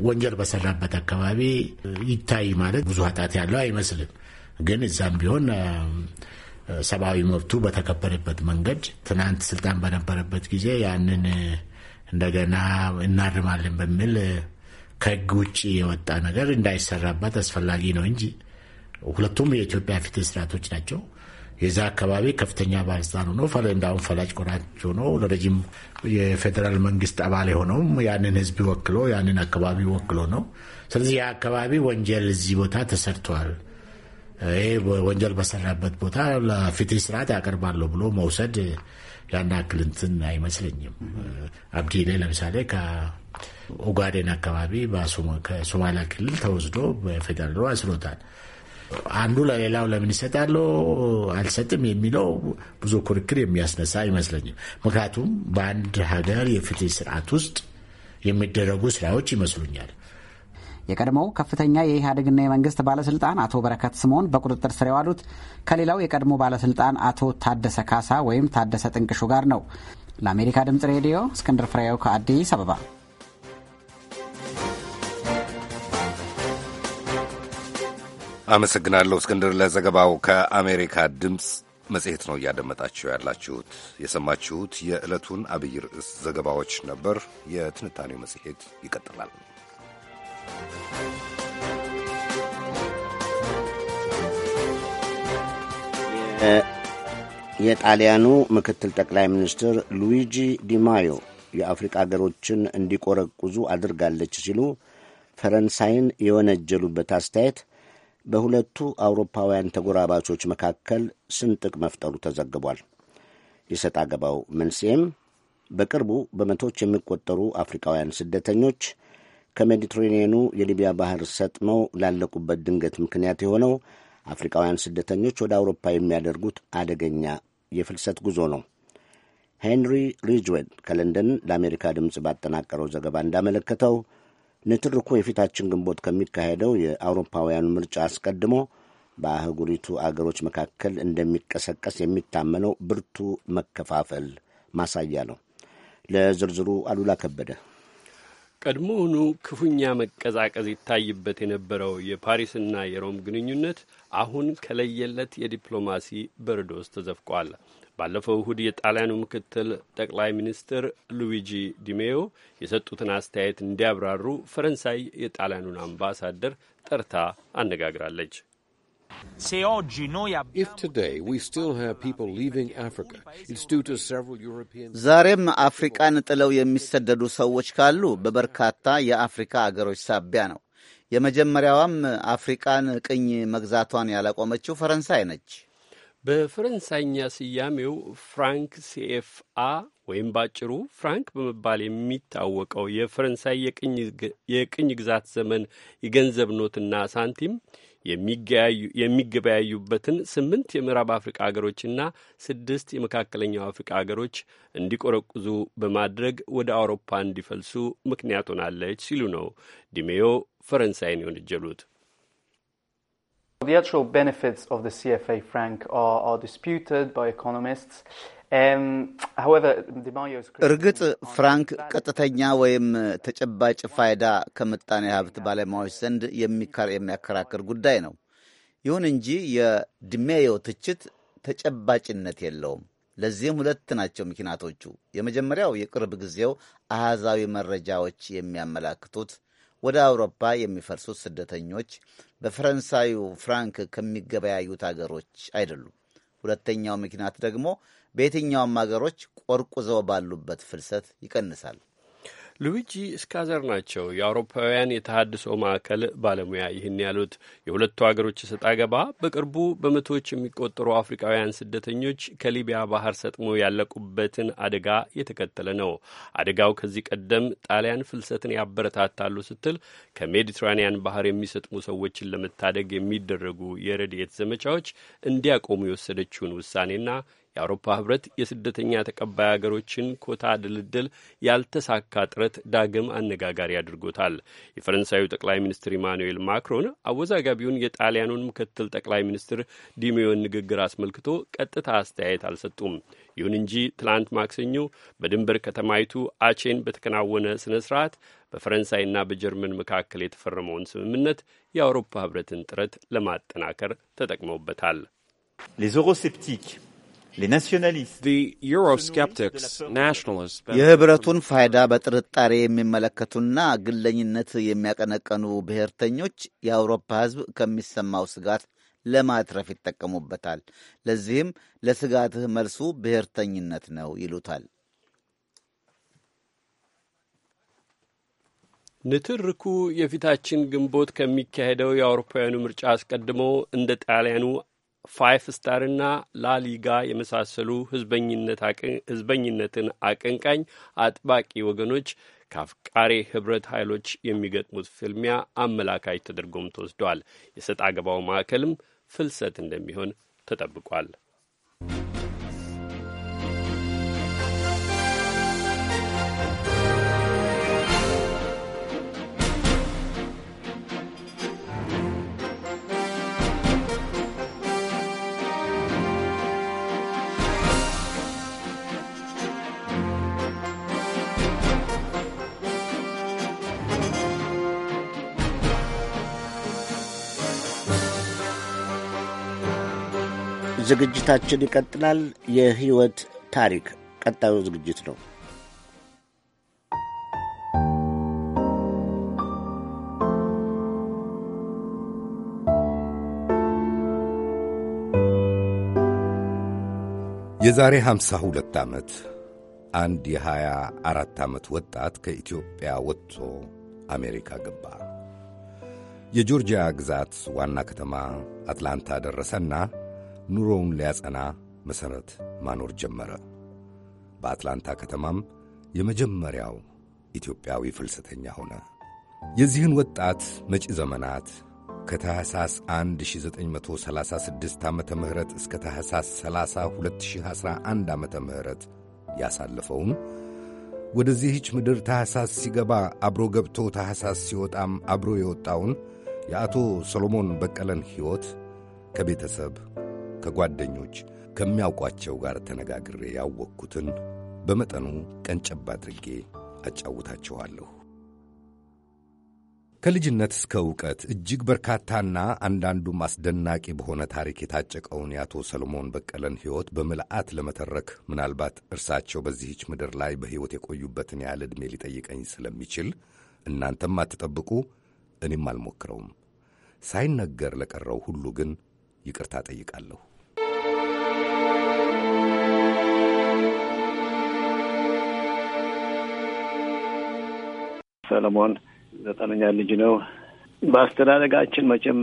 ወንጀል በሰራበት አካባቢ ይታይ ማለት ብዙ ኃጢአት ያለው አይመስልም። ግን እዛም ቢሆን ሰብአዊ መብቱ በተከበረበት መንገድ ትናንት ስልጣን በነበረበት ጊዜ ያንን እንደገና እናርማለን በሚል ከህግ ውጭ የወጣ ነገር እንዳይሰራበት አስፈላጊ ነው እንጂ ሁለቱም የኢትዮጵያ ፍትህ ስርዓቶች ናቸው። የዛ አካባቢ ከፍተኛ ባለስልጣን ሆኖ እንዳሁም ፈላጭ ቆራጭ ሆኖ ለረጅም የፌዴራል መንግስት አባል የሆነውም ያንን ህዝብ ወክሎ ያንን አካባቢ ወክሎ ነው። ስለዚህ የአካባቢ ወንጀል እዚህ ቦታ ተሰርተዋል ወንጀል በሰራበት ቦታ ለፍትህ ስርዓት ያቀርባለሁ ብሎ መውሰድ ያን ያክል እንትን አይመስለኝም። አብዲሌ ለምሳሌ ከኦጋዴን አካባቢ ከሶማሊያ ክልል ተወስዶ በፌደራሉ አስሮታል። አንዱ ለሌላው ለምን ይሰጣለሁ አልሰጥም የሚለው ብዙ ክርክር የሚያስነሳ አይመስለኝም። ምክንያቱም በአንድ ሀገር የፍትህ ስርዓት ውስጥ የሚደረጉ ስራዎች ይመስሉኛል። የቀድሞው ከፍተኛ የኢህአዴግና የመንግስት ባለስልጣን አቶ በረከት ስምኦን በቁጥጥር ስር የዋሉት ከሌላው የቀድሞ ባለስልጣን አቶ ታደሰ ካሳ ወይም ታደሰ ጥንቅሹ ጋር ነው። ለአሜሪካ ድምጽ ሬዲዮ እስክንድር ፍሬው ከአዲስ አበባ። አመሰግናለሁ እስክንድር ለዘገባው። ከአሜሪካ ድምፅ መጽሔት ነው እያደመጣችሁ ያላችሁት። የሰማችሁት የዕለቱን አብይ ርዕስ ዘገባዎች ነበር። የትንታኔው መጽሔት ይቀጥላል። የጣሊያኑ ምክትል ጠቅላይ ሚኒስትር ሉዊጂ ዲማዮ የአፍሪቃ አገሮችን እንዲቆረቁዙ አድርጋለች ሲሉ ፈረንሳይን የወነጀሉበት አስተያየት በሁለቱ አውሮፓውያን ተጎራባቾች መካከል ስንጥቅ መፍጠሩ ተዘግቧል። የሰጥ አገባው መንስኤም በቅርቡ በመቶዎች የሚቆጠሩ አፍሪካውያን ስደተኞች ከሜዲትሬኒየኑ የሊቢያ ባህር ሰጥመው ላለቁበት ድንገት ምክንያት የሆነው አፍሪካውያን ስደተኞች ወደ አውሮፓ የሚያደርጉት አደገኛ የፍልሰት ጉዞ ነው። ሄንሪ ሪጅዌል ከለንደን ለአሜሪካ ድምፅ ባጠናቀረው ዘገባ እንዳመለከተው ንትርኩ የፊታችን ግንቦት ከሚካሄደው የአውሮፓውያኑ ምርጫ አስቀድሞ በአህጉሪቱ አገሮች መካከል እንደሚቀሰቀስ የሚታመነው ብርቱ መከፋፈል ማሳያ ነው። ለዝርዝሩ አሉላ ከበደ ቀድሞውኑ ክፉኛ መቀዛቀዝ ይታይበት የነበረው የፓሪስና የሮም ግንኙነት አሁን ከለየለት የዲፕሎማሲ በረዶ ውስጥ ተዘፍቋል። ባለፈው እሁድ የጣሊያኑ ምክትል ጠቅላይ ሚኒስትር ሉዊጂ ዲሜዮ የሰጡትን አስተያየት እንዲያብራሩ ፈረንሳይ የጣሊያኑን አምባሳደር ጠርታ አነጋግራለች። ዛሬም አፍሪቃን ጥለው የሚሰደዱ ሰዎች ካሉ በበርካታ የአፍሪካ አገሮች ሳቢያ ነው። የመጀመሪያዋም አፍሪቃን ቅኝ መግዛቷን ያላቆመችው ፈረንሳይ ነች። በፈረንሳይኛ ስያሜው ፍራንክ ሲኤፍአ ወይም ባጭሩ ፍራንክ በመባል የሚታወቀው የፈረንሳይ የቅኝ ግዛት ዘመን የገንዘብ ኖትና ሳንቲም የሚገበያዩበትን ስምንት የምዕራብ አፍሪቃ ሀገሮችና ስድስት የመካከለኛው አፍሪቃ ሀገሮች እንዲቆረቁዙ በማድረግ ወደ አውሮፓ እንዲፈልሱ ምክንያት ሆናለች ሲሉ ነው ዲሜዮ ፈረንሳይን የወነጀሉት። The actual benefits of the CFA franc are, are disputed by economists. Um, እርግጥ ፍራንክ ቀጥተኛ ወይም ተጨባጭ ፋይዳ ከምጣኔ ሀብት ባለሙያዎች ዘንድ የሚያከራክር ጉዳይ ነው። ይሁን እንጂ የድሜዮ ትችት ተጨባጭነት የለውም። ለዚህም ሁለት ናቸው ምክንያቶቹ። የመጀመሪያው የቅርብ ጊዜው አሃዛዊ መረጃዎች የሚያመላክቱት ወደ አውሮፓ የሚፈርሱት ስደተኞች በፈረንሳዩ ፍራንክ ከሚገበያዩት አገሮች አይደሉም። ሁለተኛው ምክንያት ደግሞ በየትኛውም አገሮች ቆርቁዘው ባሉበት ፍልሰት ይቀንሳል። ሉዊጂ እስካዘር ናቸው የአውሮፓውያን የተሃድሶ ማዕከል ባለሙያ ይህን ያሉት። የሁለቱ አገሮች እሰጥ አገባ በቅርቡ በመቶዎች የሚቆጠሩ አፍሪካውያን ስደተኞች ከሊቢያ ባህር ሰጥሞ ያለቁበትን አደጋ የተከተለ ነው። አደጋው ከዚህ ቀደም ጣሊያን ፍልሰትን ያበረታታሉ ስትል ከሜዲትራኒያን ባህር የሚሰጥሙ ሰዎችን ለመታደግ የሚደረጉ የረድኤት ዘመቻዎች እንዲያቆሙ የወሰደችውን ውሳኔና የአውሮፓ ህብረት የስደተኛ ተቀባይ አገሮችን ኮታ ድልድል ያልተሳካ ጥረት ዳግም አነጋጋሪ አድርጎታል። የፈረንሳዩ ጠቅላይ ሚኒስትር ኢማኑኤል ማክሮን አወዛጋቢውን የጣሊያኑን ምክትል ጠቅላይ ሚኒስትር ዲሚዮን ንግግር አስመልክቶ ቀጥታ አስተያየት አልሰጡም። ይሁን እንጂ ትላንት ማክሰኞ በድንበር ከተማይቱ አቼን በተከናወነ ስነ ስርዓት በፈረንሳይና በጀርመን መካከል የተፈረመውን ስምምነት የአውሮፓ ህብረትን ጥረት ለማጠናከር ተጠቅመውበታል። Les የህብረቱን ፋይዳ በጥርጣሬ የሚመለከቱና ግለኝነት የሚያቀነቀኑ ብሔርተኞች የአውሮፓ ህዝብ ከሚሰማው ስጋት ለማትረፍ ይጠቀሙበታል። ለዚህም ለስጋትህ መልሱ ብሔርተኝነት ነው ይሉታል። ንትርኩ የፊታችን ግንቦት ከሚካሄደው የአውሮፓውያኑ ምርጫ አስቀድሞ እንደ ጣሊያኑ ፋይፍ ስታርና ላሊጋ የመሳሰሉ ህዝበኝነትን አቀንቃኝ አጥባቂ ወገኖች ከአፍቃሬ ህብረት ኃይሎች የሚገጥሙት ፍልሚያ አመላካች ተደርጎም ተወስደዋል። የሰጥ አገባው ማዕከልም ፍልሰት እንደሚሆን ተጠብቋል። ዝግጅታችን ይቀጥላል። የህይወት ታሪክ ቀጣዩ ዝግጅት ነው። የዛሬ 52 ዓመት አንድ የ24 ዓመት ወጣት ከኢትዮጵያ ወጥቶ አሜሪካ ገባ። የጆርጂያ ግዛት ዋና ከተማ አትላንታ ደረሰና ኑሮውን ሊያጸና መሠረት ማኖር ጀመረ። በአትላንታ ከተማም የመጀመሪያው ኢትዮጵያዊ ፍልሰተኛ ሆነ። የዚህን ወጣት መጪ ዘመናት ከታሕሳስ 1936 ዓ ም እስከ ታሕሳስ 30 2011 ዓ ም ያሳለፈውን ወደዚህች ምድር ታሕሳስ ሲገባ አብሮ ገብቶ ታሕሳስ ሲወጣም አብሮ የወጣውን የአቶ ሰሎሞን በቀለን ሕይወት ከቤተሰብ ከጓደኞች ከሚያውቋቸው ጋር ተነጋግሬ ያወቅኩትን በመጠኑ ቀንጨብ አድርጌ አጫውታችኋለሁ። ከልጅነት እስከ ዕውቀት እጅግ በርካታና አንዳንዱም አስደናቂ በሆነ ታሪክ የታጨቀውን የአቶ ሰሎሞን በቀለን ሕይወት በምልአት ለመተረክ ምናልባት እርሳቸው በዚህች ምድር ላይ በሕይወት የቆዩበትን ያህል ዕድሜ ሊጠይቀኝ ስለሚችል እናንተም አትጠብቁ፣ እኔም አልሞክረውም። ሳይነገር ለቀረው ሁሉ ግን ይቅርታ ጠይቃለሁ። ሰለሞን ዘጠነኛ ልጅ ነው። በአስተዳደጋችን መቼም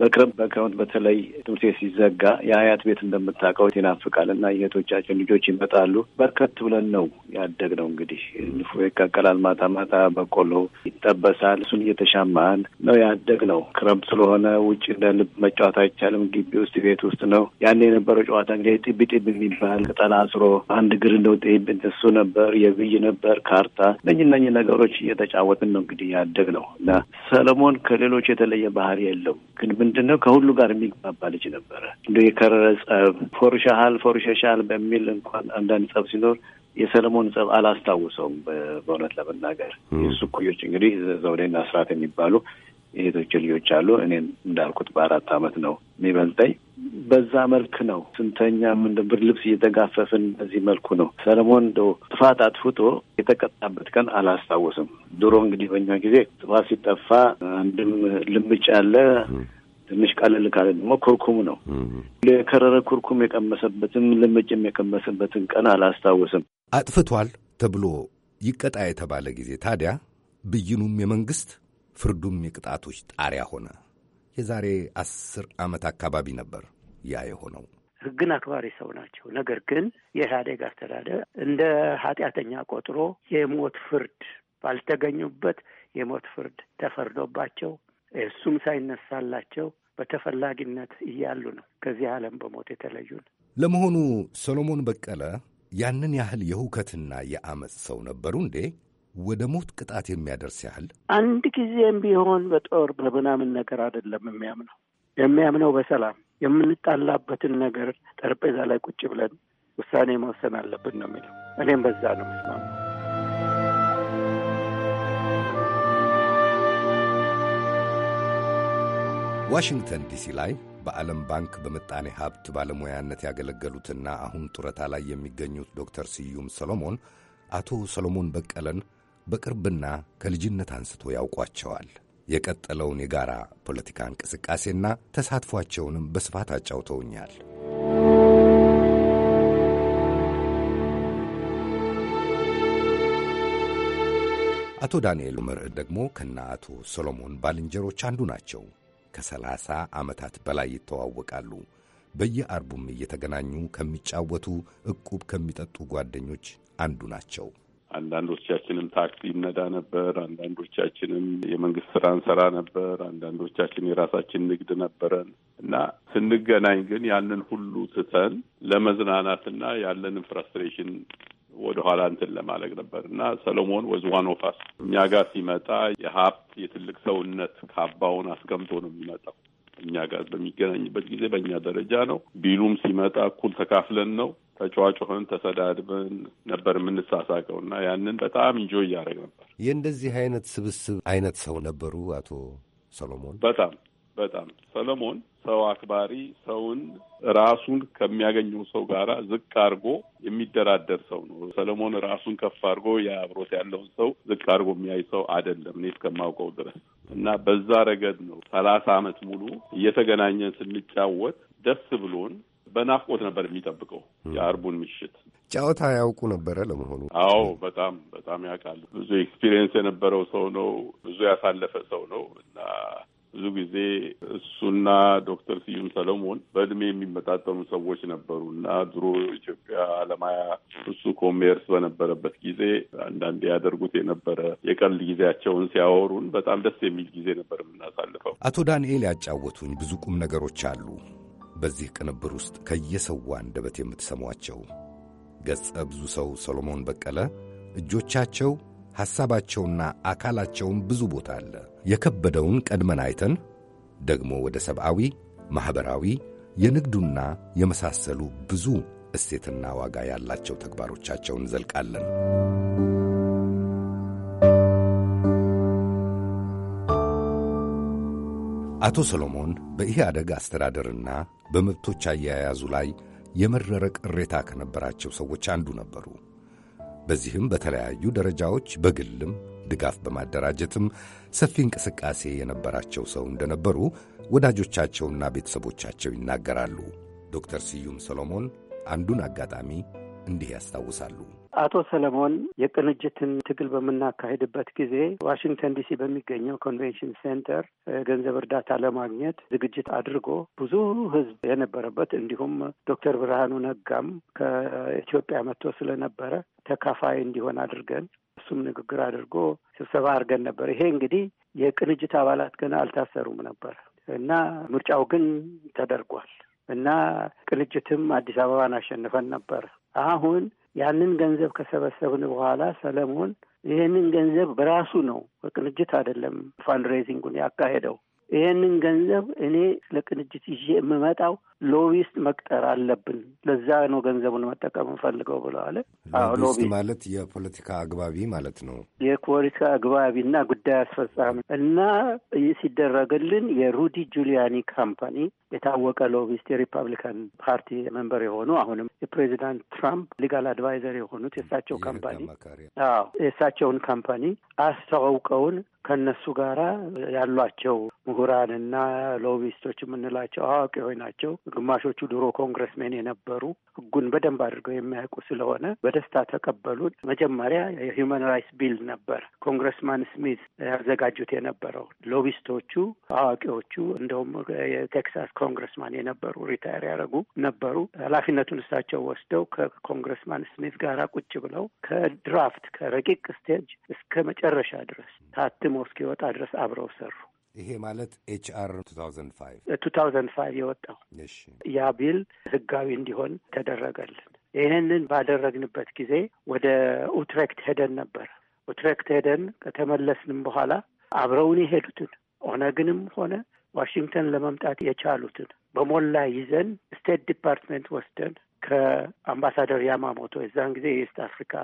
በቅርብ በክረምት በተለይ ትምህርት ቤት ሲዘጋ የአያት ቤት እንደምታውቀው ይናፍቃል እና የእህቶቻችን ልጆች ይመጣሉ። በርከት ብለን ነው ያደግ ነው እንግዲህ ንፎ ይቀቀላል፣ ማታ ማታ በቆሎ ይጠበሳል። እሱን እየተሻማን ነው ያደግ ነው። ክረምት ስለሆነ ውጭ እንደ ልብ መጫወት አይቻልም። ግቢ ውስጥ ቤት ውስጥ ነው። ያኔ የነበረው ጨዋታ እንግዲህ ጢቢ ጢቢ የሚባል ቅጠል አስሮ አንድ እግር እንደው ጢብ እሱ ነበር፣ የብይ ነበር፣ ካርታ እነኝ እነኝ ነገሮች እየተጫወትን ነው እንግዲህ ነው እና ሰለሞን ከሌሎች የተለየ ባህሪ የለው ግን ምንድን ነው ከሁሉ ጋር የሚግባባ ልጅ ነበረ። እንደ የከረረ ጸብ ፎርሻሃል ፎርሸሻል በሚል እንኳን አንዳንድ ጸብ ሲኖር የሰለሞን ጸብ አላስታውሰውም። በእውነት ለመናገር የሱ እኩዮች እንግዲህ ዘውዴና ስርዓት የሚባሉ እህቶች ልጆች አሉ። እኔን እንዳልኩት በአራት አመት ነው የሚበልጠኝ። በዛ መልክ ነው ስንተኛ ምን ልብስ እየተጋፈፍን በዚህ መልኩ ነው። ሰለሞን ዶ ጥፋት አጥፍቶ የተቀጣበት ቀን አላስታውስም። ድሮ እንግዲህ በኛ ጊዜ ጥፋት ሲጠፋ አንድም ልምጭ አለ ትንሽ ቀለል ካለ ደግሞ ኩርኩም ነው። የከረረ ኩርኩም የቀመሰበትም ልምጭም የቀመሰበትን ቀን አላስታወስም። አጥፍቷል ተብሎ ይቀጣ የተባለ ጊዜ ታዲያ ብይኑም የመንግስት ፍርዱም የቅጣቶች ጣሪያ ሆነ። የዛሬ አስር ዓመት አካባቢ ነበር ያ የሆነው። ህግን አክባሪ ሰው ናቸው። ነገር ግን የኢህአዴግ አስተዳደር እንደ ኃጢአተኛ ቆጥሮ የሞት ፍርድ ባልተገኙበት የሞት ፍርድ ተፈርዶባቸው እሱም ሳይነሳላቸው በተፈላጊነት እያሉ ነው ከዚህ ዓለም በሞት የተለዩን። ለመሆኑ ሰሎሞን በቀለ ያንን ያህል የሁከትና የአመፅ ሰው ነበሩ እንዴ? ወደ ሞት ቅጣት የሚያደርስ ያህል አንድ ጊዜም ቢሆን በጦር በምናምን ነገር አይደለም የሚያምነው የሚያምነው በሰላም የምንጣላበትን ነገር ጠረጴዛ ላይ ቁጭ ብለን ውሳኔ መወሰን አለብን ነው የሚለው። እኔም በዛ ነው ምስማማ ዋሽንግተን ዲሲ ላይ በዓለም ባንክ በምጣኔ ሀብት ባለሙያነት ያገለገሉትና አሁን ጡረታ ላይ የሚገኙት ዶክተር ስዩም ሰሎሞን አቶ ሰሎሞን በቀለን በቅርብና ከልጅነት አንስቶ ያውቋቸዋል። የቀጠለውን የጋራ ፖለቲካ እንቅስቃሴና ተሳትፏቸውንም በስፋት አጫውተውኛል። አቶ ዳንኤል መርዕድ ደግሞ ከነ አቶ ሰሎሞን ባልንጀሮች አንዱ ናቸው። ከሰላሳ ዓመታት በላይ ይተዋወቃሉ። በየአርቡም እየተገናኙ ከሚጫወቱ እቁብ ከሚጠጡ ጓደኞች አንዱ ናቸው። አንዳንዶቻችንም ታክሲ ይነዳ ነበር። አንዳንዶቻችንም የመንግስት ስራ እንሰራ ነበር። አንዳንዶቻችን የራሳችን ንግድ ነበረን እና ስንገናኝ ግን ያንን ሁሉ ትተን ለመዝናናትና ያለንን ፍራስትሬሽን ወደኋላ እንትን ለማለግ ነበር እና ሰሎሞን ወዝ ዋን ኦፍ አስ እኛ ጋር ሲመጣ የሀብት የትልቅ ሰውነት ካባውን አስቀምጦ ነው የሚመጣው። እኛ ጋር በሚገናኝበት ጊዜ በእኛ ደረጃ ነው። ቢሉም ሲመጣ እኩል ተካፍለን ነው ተጫዋጮህን ተሰዳድበን ነበር የምንሳሳቀው እና ያንን በጣም እንጆ እያደረግ ነበር። የእንደዚህ አይነት ስብስብ አይነት ሰው ነበሩ አቶ ሰሎሞን በጣም በጣም ሰለሞን ሰው አክባሪ ሰውን ራሱን ከሚያገኘው ሰው ጋራ ዝቅ አድርጎ የሚደራደር ሰው ነው። ሰለሞን ራሱን ከፍ አድርጎ የአብሮት ያለውን ሰው ዝቅ አድርጎ የሚያይ ሰው አይደለም እኔ እስከማውቀው ድረስ እና በዛ ረገድ ነው ሰላሳ አመት ሙሉ እየተገናኘን ስንጫወት ደስ ብሎን በናፍቆት ነበር የሚጠብቀው የአርቡን ምሽት። ጨዋታ ያውቁ ነበረ ለመሆኑ? አዎ፣ በጣም በጣም ያውቃል። ብዙ ኤክስፒሪየንስ የነበረው ሰው ነው። ብዙ ያሳለፈ ሰው ነው እና ብዙ ጊዜ እሱና ዶክተር ስዩም ሰለሞን በእድሜ የሚመጣጠኑ ሰዎች ነበሩ እና ድሮ ኢትዮጵያ አለማያ እሱ ኮሜርስ በነበረበት ጊዜ አንዳንዴ ያደርጉት የነበረ የቀልድ ጊዜያቸውን ሲያወሩን በጣም ደስ የሚል ጊዜ ነበር የምናሳልፈው። አቶ ዳንኤል ያጫወቱኝ ብዙ ቁም ነገሮች አሉ በዚህ ቅንብር ውስጥ ከየሰው አንደበት የምትሰሟቸው ገጸ ብዙ ሰው ሰሎሞን በቀለ እጆቻቸው ሐሳባቸውና አካላቸውም ብዙ ቦታ አለ። የከበደውን ቀድመን አይተን ደግሞ ወደ ሰብአዊ፣ ማኅበራዊ፣ የንግዱና የመሳሰሉ ብዙ እሴትና ዋጋ ያላቸው ተግባሮቻቸውን እንዘልቃለን። አቶ ሰሎሞን በኢህአደግ አስተዳደርና በመብቶች አያያዙ ላይ የመረረ ቅሬታ ከነበራቸው ሰዎች አንዱ ነበሩ። በዚህም በተለያዩ ደረጃዎች በግልም ድጋፍ በማደራጀትም ሰፊ እንቅስቃሴ የነበራቸው ሰው እንደነበሩ ወዳጆቻቸውና ቤተሰቦቻቸው ይናገራሉ። ዶክተር ስዩም ሰሎሞን አንዱን አጋጣሚ እንዲህ ያስታውሳሉ። አቶ ሰለሞን የቅንጅትን ትግል በምናካሄድበት ጊዜ ዋሽንግተን ዲሲ በሚገኘው ኮንቬንሽን ሴንተር ገንዘብ እርዳታ ለማግኘት ዝግጅት አድርጎ ብዙ ህዝብ የነበረበት እንዲሁም ዶክተር ብርሃኑ ነጋም ከኢትዮጵያ መጥቶ ስለነበረ ተካፋይ እንዲሆን አድርገን እሱም ንግግር አድርጎ ስብሰባ አድርገን ነበር። ይሄ እንግዲህ የቅንጅት አባላት ገና አልታሰሩም ነበር እና ምርጫው ግን ተደርጓል እና ቅንጅትም አዲስ አበባን አሸንፈን ነበር አሁን ያንን ገንዘብ ከሰበሰብን በኋላ ሰለሞን ይህንን ገንዘብ በራሱ ነው በቅንጅት አይደለም ፋንድሬዚንጉን ያካሄደው። ይህንን ገንዘብ እኔ ለቅንጅት ይዤ የምመጣው ሎቢስት መቅጠር አለብን፣ ለዛ ነው ገንዘቡን መጠቀም እንፈልገው ብለዋል። ሎቢስት ማለት የፖለቲካ አግባቢ ማለት ነው። የፖለቲካ አግባቢ እና ጉዳይ አስፈጻሚ እና ሲደረግልን የሩዲ ጁሊያኒ ካምፓኒ የታወቀ ሎቢስት የሪፐብሊካን ፓርቲ መንበር የሆኑ አሁንም የፕሬዚዳንት ትራምፕ ሊጋል አድቫይዘር የሆኑት የእሳቸው ካምፓኒ አዎ የእሳቸውን ካምፓኒ አስተዋውቀውን ከነሱ ጋራ ያሏቸው ምሁራንና ሎቢስቶች የምንላቸው ሆይ ናቸው። ግማሾቹ ድሮ ኮንግረስሜን የነበሩ ህጉን በደንብ አድርገው የሚያውቁ ስለሆነ በደስታ ተቀበሉት። መጀመሪያ የሂውማን ራይትስ ቢል ነበር ኮንግረስማን ስሚት ያዘጋጁት የነበረው። ሎቢስቶቹ አዋቂዎቹ እንደውም የቴክሳስ ኮንግረስማን የነበሩ ሪታየር ያደረጉ ነበሩ። ኃላፊነቱን እሳቸው ወስደው ከኮንግረስማን ስሚት ጋር ቁጭ ብለው ከድራፍት ከረቂቅ ስቴጅ እስከ መጨረሻ ድረስ ታትሞ እስኪወጣ ድረስ አብረው ሰሩ። ይሄ ማለት ኤች አር ቱ ታውዘንድ ፋይቭ ቱ ታውዘንድ ፋይቭ የወጣው ያ ቢል ህጋዊ እንዲሆን ተደረገልን። ይህንን ባደረግንበት ጊዜ ወደ ኡትሬክት ሄደን ነበር። ኡትሬክት ሄደን ከተመለስንም በኋላ አብረውን የሄዱትን ኦነግንም ሆነ ዋሽንግተን ለመምጣት የቻሉትን በሞላ ይዘን ስቴት ዲፓርትመንት ወስደን ከአምባሳደር ያማሞቶ የዛን ጊዜ የኢስት አፍሪካ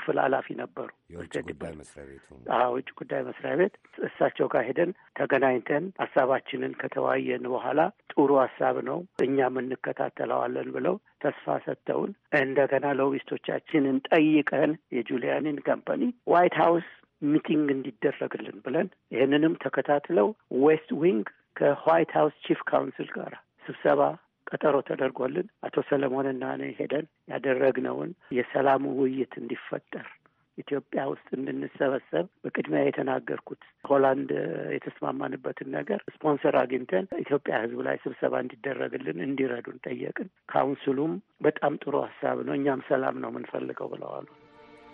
ክፍል ኃላፊ ነበሩ። የውጭ ጉዳይ መስሪያ ቤቱ ውጭ ጉዳይ መስሪያ ቤት እሳቸው ጋር ሄደን ተገናኝተን ሀሳባችንን ከተወያየን በኋላ ጥሩ ሀሳብ ነው እኛም እንከታተለዋለን ብለው ተስፋ ሰጥተውን እንደገና ሎቢስቶቻችንን ጠይቀን የጁሊያኒን ካምፓኒ ዋይት ሀውስ ሚቲንግ እንዲደረግልን ብለን ይህንንም ተከታትለው ዌስት ዊንግ ከዋይት ሀውስ ቺፍ ካውንስል ጋር ስብሰባ ቀጠሮ ተደርጎልን አቶ ሰለሞንና እኔ ሄደን ያደረግነውን የሰላሙ ውይይት እንዲፈጠር ኢትዮጵያ ውስጥ እንድንሰበሰብ በቅድሚያ የተናገርኩት ሆላንድ የተስማማንበትን ነገር ስፖንሰር አግኝተን ኢትዮጵያ ሕዝብ ላይ ስብሰባ እንዲደረግልን እንዲረዱን ጠየቅን። ካውንስሉም በጣም ጥሩ ሀሳብ ነው፣ እኛም ሰላም ነው የምንፈልገው ብለዋሉ።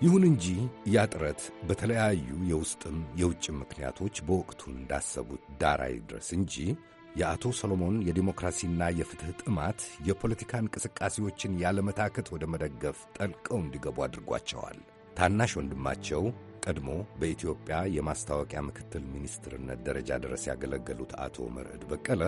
ይሁን እንጂ ያ ጥረት በተለያዩ የውስጥም የውጭም ምክንያቶች በወቅቱ እንዳሰቡት ዳር አይድረስ እንጂ የአቶ ሰሎሞን የዲሞክራሲና የፍትሕ ጥማት የፖለቲካ እንቅስቃሴዎችን ያለመታከት ወደ መደገፍ ጠልቀው እንዲገቡ አድርጓቸዋል። ታናሽ ወንድማቸው ቀድሞ በኢትዮጵያ የማስታወቂያ ምክትል ሚኒስትርነት ደረጃ ድረስ ያገለገሉት አቶ መርዕድ በቀለ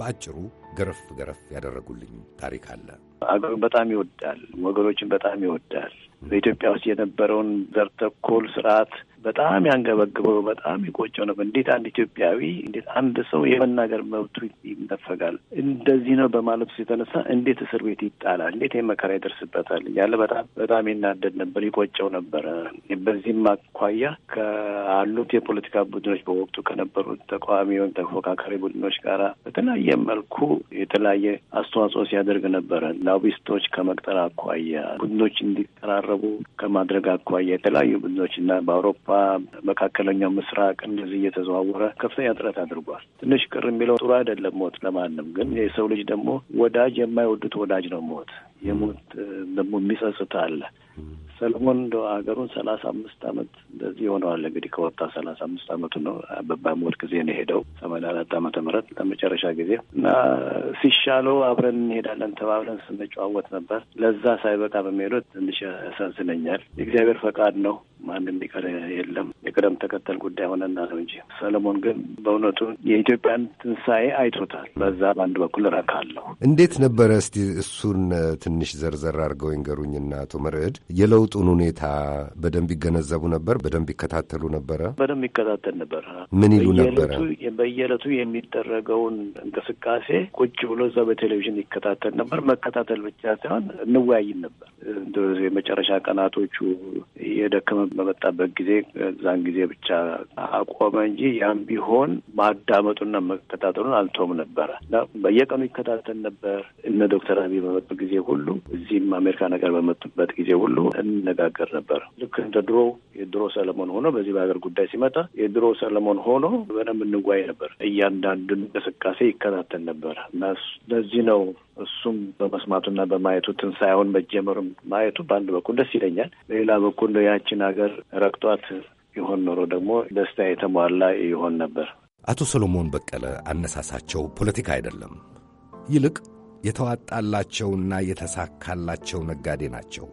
በአጭሩ ገረፍ ገረፍ ያደረጉልኝ ታሪክ አለ። አገሩን በጣም ይወዳል፣ ወገኖችን በጣም ይወዳል። በኢትዮጵያ ውስጥ የነበረውን ዘር ተኮር ስርዓት በጣም ያንገበግበው፣ በጣም ይቆጨው ነበር። እንዴት አንድ ኢትዮጵያዊ እንዴት አንድ ሰው የመናገር መብቱ ይነፈጋል? እንደዚህ ነው በማለብሱ የተነሳ እንዴት እስር ቤት ይጣላል? እንዴት የመከራ ይደርስበታል? እያለ በጣም በጣም ይናደድ ነበር፣ ይቆጨው ነበረ። በዚህም አኳያ ከአሉት የፖለቲካ ቡድኖች በወቅቱ ከነበሩት ተቃዋሚ ወይም ተፎካካሪ ቡድኖች ጋር በተለያየ መልኩ የተለያየ አስተዋጽኦ ሲያደርግ ነበረ። ላቢስቶች ከመቅጠር አኳያ፣ ቡድኖች እንዲቀራረቡ ከማድረግ አኳያ የተለያዩ ቡድኖች እና በአውሮፓ መካከለኛው ምስራቅ እንደዚህ እየተዘዋወረ ከፍተኛ ጥረት አድርጓል። ትንሽ ቅር የሚለው ጥሩ አይደለም ሞት ለማንም ግን የሰው ልጅ ደግሞ ወዳጅ የማይወዱት ወዳጅ ነው ሞት የሞት ደግሞ የሚጸጽት አለ ሰለሞን እንደ ሀገሩን ሰላሳ አምስት አመት እንደዚህ ሆነዋል። እንግዲህ ከወጣ ሰላሳ አምስት አመቱ ነው። አበባ ሞድ ጊዜ ነው የሄደው ሰማንያ አራት አመተ ምህረት ለመጨረሻ ጊዜ እና ሲሻለው አብረን እንሄዳለን ተባብለን ስንጨዋወት ነበር። ለዛ ሳይበቃ በሚሄዱት ትንሽ ያሳዝነኛል። የእግዚአብሔር ፈቃድ ነው። ማንም ቢቀር የለም። የቅደም ተከተል ጉዳይ ሆነና ነው እንጂ ሰለሞን ግን በእውነቱ የኢትዮጵያን ትንሣኤ አይቶታል። በዛ በአንድ በኩል እረካለሁ። እንዴት ነበረ? እስቲ እሱን ትንሽ ዘርዘር አድርገው ይንገሩኝና አቶ መርዕድ የለውጡ የለውጡን ሁኔታ በደንብ ይገነዘቡ ነበር? በደንብ ይከታተሉ ነበረ? በደንብ ይከታተል ነበር። ምን ይሉ ነበረ? በየዕለቱ የሚደረገውን እንቅስቃሴ ቁጭ ብሎ እዛ በቴሌቪዥን ይከታተል ነበር። መከታተል ብቻ ሳይሆን እንወያይን ነበር። የመጨረሻ ቀናቶቹ እየደከመ በመጣበት ጊዜ እዛን ጊዜ ብቻ አቆመ እንጂ ያም ቢሆን ማዳመጡና መከታተሉን አልቶም ነበረ። በየቀኑ ይከታተል ነበር። እነ ዶክተር አብይ በመጡ ጊዜ ሁሉ እዚህም አሜሪካ ነገር በመጡበት ጊዜ ሁሉ እንነጋገር ነበር። ልክ እንደ ድሮ የድሮ ሰለሞን ሆኖ በዚህ በሀገር ጉዳይ ሲመጣ የድሮ ሰለሞን ሆኖ በደንብ እንዋይ ነበር። እያንዳንዱን እንቅስቃሴ ይከታተል ነበር እና ለዚህ ነው እሱም በመስማቱና በማየቱ ትንሣኤውን መጀመሩም ማየቱ በአንድ በኩል ደስ ይለኛል። በሌላ በኩል ያችን ሀገር ረግጧት ይሆን ኖሮ ደግሞ ደስታ የተሟላ ይሆን ነበር። አቶ ሰሎሞን በቀለ አነሳሳቸው ፖለቲካ አይደለም፣ ይልቅ የተዋጣላቸውና የተሳካላቸው ነጋዴ ናቸው።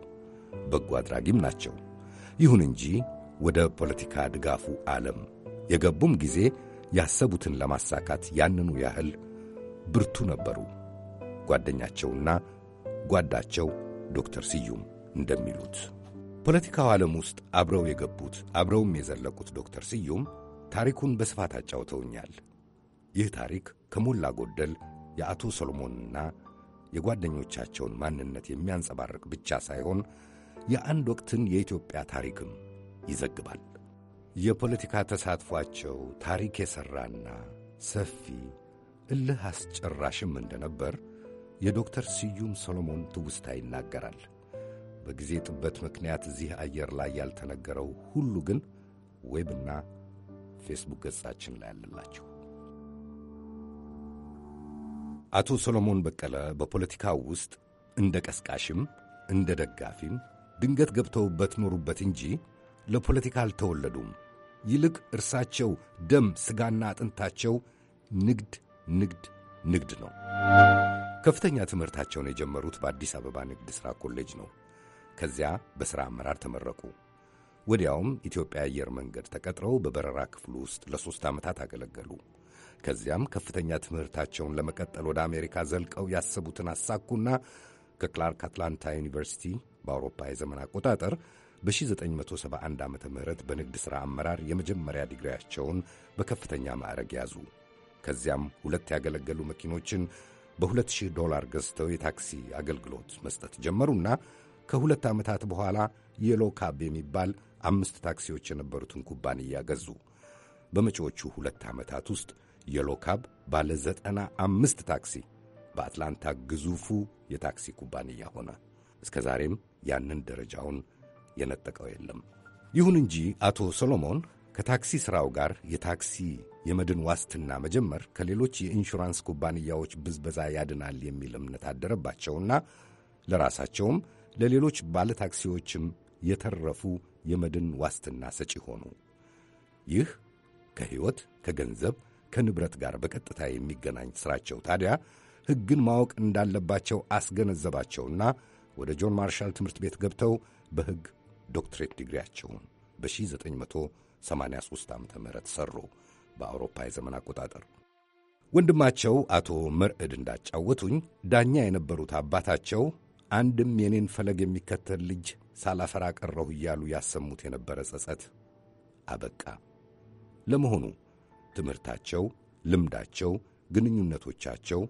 በጎ አድራጊም ናቸው። ይሁን እንጂ ወደ ፖለቲካ ድጋፉ ዓለም የገቡም ጊዜ ያሰቡትን ለማሳካት ያንኑ ያህል ብርቱ ነበሩ። ጓደኛቸውና ጓዳቸው ዶክተር ስዩም እንደሚሉት ፖለቲካው ዓለም ውስጥ አብረው የገቡት አብረውም የዘለቁት ዶክተር ስዩም ታሪኩን በስፋት አጫውተውኛል። ይህ ታሪክ ከሞላ ጎደል የአቶ ሰሎሞንና የጓደኞቻቸውን ማንነት የሚያንጸባርቅ ብቻ ሳይሆን የአንድ ወቅትን የኢትዮጵያ ታሪክም ይዘግባል። የፖለቲካ ተሳትፏቸው ታሪክ የሠራና ሰፊ እልህ አስጨራሽም እንደነበር የዶክተር ስዩም ሰሎሞን ትውስታ ይናገራል። በጊዜ ጥበት ምክንያት እዚህ አየር ላይ ያልተነገረው ሁሉ ግን ዌብና ፌስቡክ ገጻችን ላይ አለላቸው። አቶ ሰሎሞን በቀለ በፖለቲካው ውስጥ እንደ ቀስቃሽም እንደ ደጋፊም ድንገት ገብተውበት ኖሩበት እንጂ ለፖለቲካ አልተወለዱም። ይልቅ እርሳቸው ደም ሥጋና አጥንታቸው ንግድ፣ ንግድ፣ ንግድ ነው። ከፍተኛ ትምህርታቸውን የጀመሩት በአዲስ አበባ ንግድ ሥራ ኮሌጅ ነው። ከዚያ በሥራ አመራር ተመረቁ። ወዲያውም ኢትዮጵያ አየር መንገድ ተቀጥረው በበረራ ክፍሉ ውስጥ ለሦስት ዓመታት አገለገሉ። ከዚያም ከፍተኛ ትምህርታቸውን ለመቀጠል ወደ አሜሪካ ዘልቀው ያሰቡትን አሳኩና ከክላርክ አትላንታ ዩኒቨርሲቲ በአውሮፓ የዘመን አቆጣጠር በ1971 ዓ ም በንግድ ሥራ አመራር የመጀመሪያ ዲግሪያቸውን በከፍተኛ ማዕረግ ያዙ። ከዚያም ሁለት ያገለገሉ መኪኖችን በ2000 ዶላር ገዝተው የታክሲ አገልግሎት መስጠት ጀመሩና ከሁለት ዓመታት በኋላ የሎ ካብ የሚባል አምስት ታክሲዎች የነበሩትን ኩባንያ ገዙ። በመጪዎቹ ሁለት ዓመታት ውስጥ የሎካብ ካብ ባለ ዘጠና አምስት ታክሲ በአትላንታ ግዙፉ የታክሲ ኩባንያ ሆነ። እስከ ዛሬም ያንን ደረጃውን የነጠቀው የለም። ይሁን እንጂ አቶ ሰሎሞን ከታክሲ ሥራው ጋር የታክሲ የመድን ዋስትና መጀመር ከሌሎች የኢንሹራንስ ኩባንያዎች ብዝበዛ ያድናል የሚል እምነት አደረባቸውና ለራሳቸውም ለሌሎች ባለታክሲዎችም የተረፉ የመድን ዋስትና ሰጪ ሆኑ። ይህ ከሕይወት ከገንዘብ ከንብረት ጋር በቀጥታ የሚገናኝ ሥራቸው ታዲያ ሕግን ማወቅ እንዳለባቸው አስገነዘባቸውና ወደ ጆን ማርሻል ትምህርት ቤት ገብተው በሕግ ዶክትሬት ዲግሪያቸውን በ1983 ዓ ም ሠሩ በአውሮፓ የዘመን አቆጣጠር። ወንድማቸው አቶ መርዕድ እንዳጫወቱኝ ዳኛ የነበሩት አባታቸው አንድም የኔን ፈለግ የሚከተል ልጅ ሳላፈራ ቀረሁ እያሉ ያሰሙት የነበረ ጸጸት አበቃ። ለመሆኑ ትምህርታቸው፣ ልምዳቸው፣ ግንኙነቶቻቸው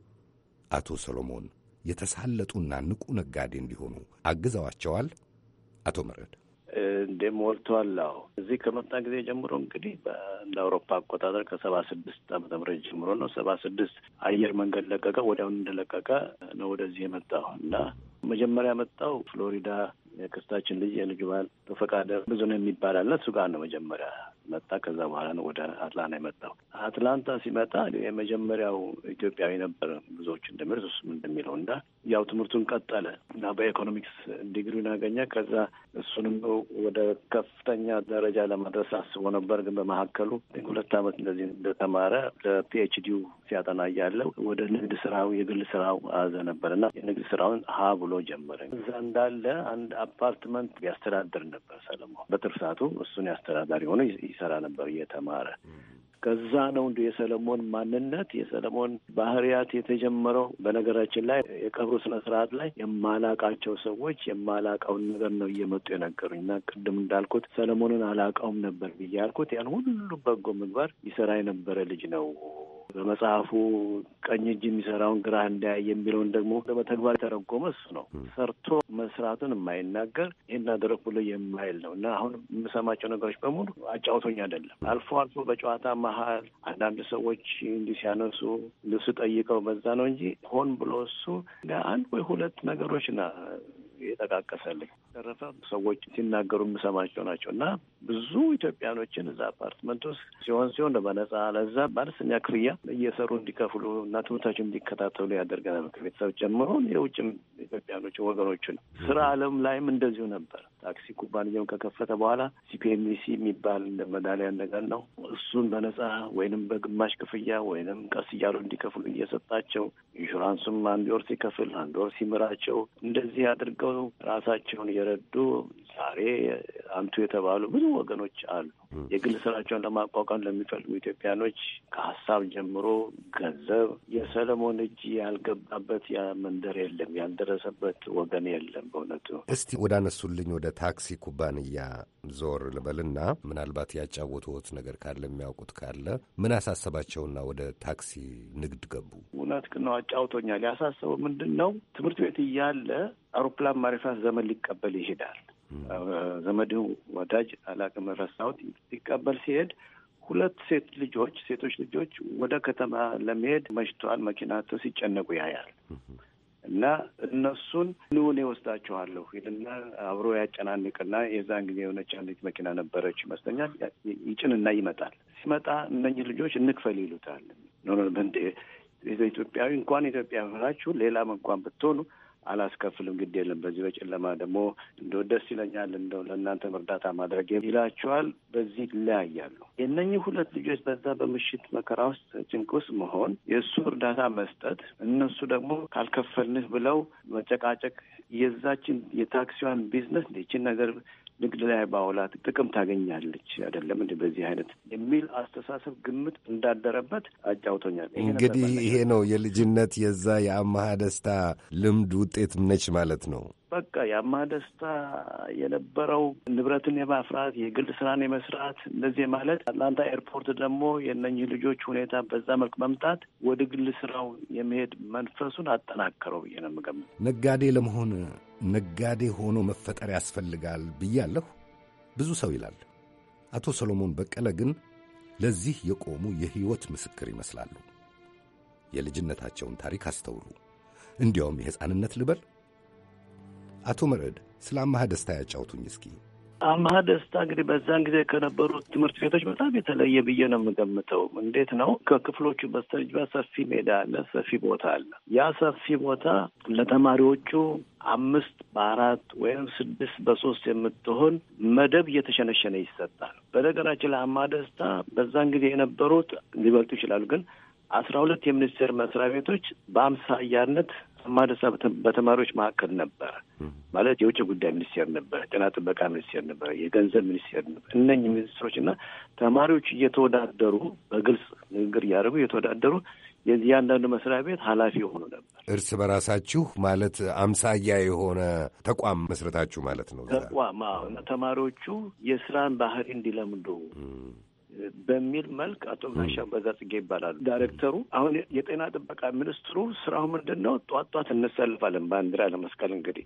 አቶ ሰሎሞን የተሳለጡና ንቁ ነጋዴ እንዲሆኑ አግዘዋቸዋል? አቶ መረድ እንዴም ሞልቷል። አዎ እዚህ ከመጣ ጊዜ ጀምሮ እንግዲህ እንደ አውሮፓ አቆጣጠር ከሰባ ስድስት ዓመተ ምህረት ጀምሮ ነው። ሰባ ስድስት አየር መንገድ ለቀቀ። ወዲያውኑ እንደለቀቀ ነው ወደዚህ የመጣው እና መጀመሪያ መጣው ፍሎሪዳ የክስታችን ልጅ የልጅ ባል በፈቃደ ብዙ ነው የሚባል አለ። እሱ ጋር ነው መጀመሪያ መጣ። ከዛ በኋላ ነው ወደ አትላንታ የመጣው። አትላንታ ሲመጣ የመጀመሪያው ኢትዮጵያዊ ነበር። ብዙዎች እንደሚሉት እሱም እንደሚለው እና ያው ትምህርቱን ቀጠለ እና በኢኮኖሚክስ ዲግሪን አገኘ። ከዛ እሱንም ወደ ከፍተኛ ደረጃ ለመድረስ አስቦ ነበር። ግን በመካከሉ ሁለት ዓመት እንደዚህ እንደተማረ ለፒኤችዲው ሲያጠና እያለ ወደ ንግድ ስራው የግል ስራው አዘ ነበር እና የንግድ ስራውን ሀ ብሎ ጀመረ። እዛ እንዳለ አንድ አፓርትመንት ያስተዳድር ነበር ሰለሞን። በትርፍ ሰዓቱ እሱን ያስተዳዳሪ ሆኖ ይሰራ ነበር እየተማረ። ከዛ ነው እንዲ የሰለሞን ማንነት የሰለሞን ባህርያት የተጀመረው። በነገራችን ላይ የቀብሩ ስነ ስርዓት ላይ የማላቃቸው ሰዎች የማላቀውን ነገር ነው እየመጡ የነገሩኝ እና ቅድም እንዳልኩት ሰለሞንን አላቀውም ነበር ብዬ ያልኩት ያን ሁሉ በጎ ምግባር ይሰራ የነበረ ልጅ ነው በመጽሐፉ ቀኝ እጅ የሚሰራውን ግራ እንዳያይ የሚለውን ደግሞ በተግባር የተረጎመ እሱ ነው። ሰርቶ መስራትን የማይናገር ይህን አደረግኩ ብሎ የማይል ነው እና አሁን የምሰማቸው ነገሮች በሙሉ አጫውቶኝ አይደለም። አልፎ አልፎ በጨዋታ መሀል አንዳንድ ሰዎች እንዲህ ሲያነሱ ልብስ ጠይቀው በዛ ነው እንጂ ሆን ብሎ እሱ ለአንድ ወይ ሁለት ነገሮች ና የጠቃቀሰልኝ በተረፈ ሰዎች ሲናገሩ የምሰማቸው ናቸው እና ብዙ ኢትዮጵያኖችን እዛ አፓርትመንት ውስጥ ሲሆን ሲሆን በነፃ ለዛ በአነስተኛ ክፍያ እየሰሩ እንዲከፍሉ እና ትምህርታቸው እንዲከታተሉ ያደርገናል። ከቤተሰብ ጨምሮ የውጭም ኢትዮጵያኖች ወገኖቹን ስራ አለም ላይም እንደዚሁ ነበር። ታክሲ ኩባንያውን ከከፈተ በኋላ ሲፒኤምሲ የሚባል መዳሊያ ነገር ነው። እሱን በነፃ ወይንም በግማሽ ክፍያ ወይንም ቀስ እያሉ እንዲከፍሉ እየሰጣቸው ኢንሹራንሱም አንድ ወር ሲከፍል አንድ ወር ሲምራቸው እንደዚህ አድርገው ራሳቸውን እየረዱ ዛሬ አንቱ የተባሉ ብዙ ወገኖች አሉ። የግል ስራቸውን ለማቋቋም ለሚፈልጉ ኢትዮጵያኖች ከሀሳብ ጀምሮ ገንዘብ የሰለሞን እጅ ያልገባበት መንደር የለም፣ ያልደረሰበት ወገን የለም። በእውነቱ እስቲ ወዳነሱልኝ ወደ ታክሲ ኩባንያ ዞር ልበልና ምናልባት ያጫወቱት ነገር ካለ የሚያውቁት ካለ ምን አሳሰባቸውና ወደ ታክሲ ንግድ ገቡ? እውነት ግን ነው፣ አጫውቶኛል። ያሳሰበው ምንድን ነው? ትምህርት ቤት እያለ አውሮፕላን ማረፊያ ዘመድ ሊቀበል ይሄዳል። ዘመድ ወዳጅ አላቅም ረሳሁት ሊቀበል ሲሄድ ሁለት ሴት ልጆች ሴቶች ልጆች ወደ ከተማ ለመሄድ መሽተዋል። መኪናቸው ሲጨነቁ ያያል እና እነሱን ንውን ወስዳችኋለሁ ይልና አብሮ ያጨናንቅና የዛን ጊዜ የሆነች አንዲት መኪና ነበረች ይመስለኛል። ይጭንና ይመጣል። ሲመጣ እነኝህ ልጆች እንክፈል ይሉታል። ኖኖ ኢትዮጵያዊ እንኳን ኢትዮጵያ ሆናችሁ ሌላም እንኳን ብትሆኑ አላስከፍልም፣ ግድ የለም በዚህ በጨለማ ደግሞ እንደው ደስ ይለኛል እንደው ለእናንተ እርዳታ ማድረግ ይላቸዋል። በዚህ ይለያያሉ። የእነኚህ ሁለት ልጆች በዛ በምሽት መከራ ውስጥ ጭንቅ ውስጥ መሆን፣ የእሱ እርዳታ መስጠት፣ እነሱ ደግሞ ካልከፈልንህ ብለው መጨቃጨቅ የዛችን የታክሲዋን ቢዝነስ ይችን ነገር ንግድ ላይ ባውላት ጥቅም ታገኛለች አይደለም እንደ በዚህ አይነት የሚል አስተሳሰብ ግምት እንዳደረበት አጫውቶኛል። እንግዲህ ይሄ ነው የልጅነት የዛ የአማሃ ደስታ ልምድ ውጤት ምነች ማለት ነው። በቃ ያማ ደስታ የነበረው ንብረትን የማፍራት የግል ስራን የመስራት እንደዚህ ማለት አትላንታ ኤርፖርት ደግሞ የእነኝህ ልጆች ሁኔታ በዛ መልክ መምጣት ወደ ግል ስራው የመሄድ መንፈሱን አጠናከረው ብዬ ነው የምገምተው። ነጋዴ ለመሆን ነጋዴ ሆኖ መፈጠር ያስፈልጋል ብያለሁ ብዙ ሰው ይላል። አቶ ሰሎሞን በቀለ ግን ለዚህ የቆሙ የሕይወት ምስክር ይመስላሉ። የልጅነታቸውን ታሪክ አስተውሉ፣ እንዲያውም የሕፃንነት ልበል አቶ መረድ ስለ አማሃ ደስታ ያጫውቱኝ እስኪ። አማሃ ደስታ እንግዲህ በዛን ጊዜ ከነበሩት ትምህርት ቤቶች በጣም የተለየ ብዬ ነው የምገምተው። እንዴት ነው? ከክፍሎቹ በስተጀርባ ሰፊ ሜዳ አለ፣ ሰፊ ቦታ አለ። ያ ሰፊ ቦታ ለተማሪዎቹ አምስት በአራት ወይም ስድስት በሶስት የምትሆን መደብ እየተሸነሸነ ይሰጣል። በነገራችን ላይ ደስታ በዛን ጊዜ የነበሩት ሊበልጡ ይችላሉ ግን አስራ ሁለት የሚኒስቴር መስሪያ ቤቶች በአምሳያነት ማደሳ በተማሪዎች መካከል ነበረ። ማለት የውጭ ጉዳይ ሚኒስቴር ነበረ፣ ጤና ጥበቃ ሚኒስቴር ነበረ፣ የገንዘብ ሚኒስቴር ነበረ። እነኝህ ሚኒስትሮች እና ተማሪዎች እየተወዳደሩ በግልጽ ንግግር እያደረጉ እየተወዳደሩ የእያንዳንዱ መስሪያ ቤት ኃላፊ የሆኑ ነበር። እርስ በራሳችሁ ማለት አምሳያ የሆነ ተቋም መስረታችሁ ማለት ነው። ተቋም ተማሪዎቹ የስራን ባህሪ እንዲለምዱ በሚል መልክ አቶ ምናሻ በዛጽጌ ይባላሉ ዳይሬክተሩ። አሁን የጤና ጥበቃ ሚኒስትሩ ስራው ምንድን ነው? ጧጧት እንሰልፋለን ባንዲራ ለመስቀል እንግዲህ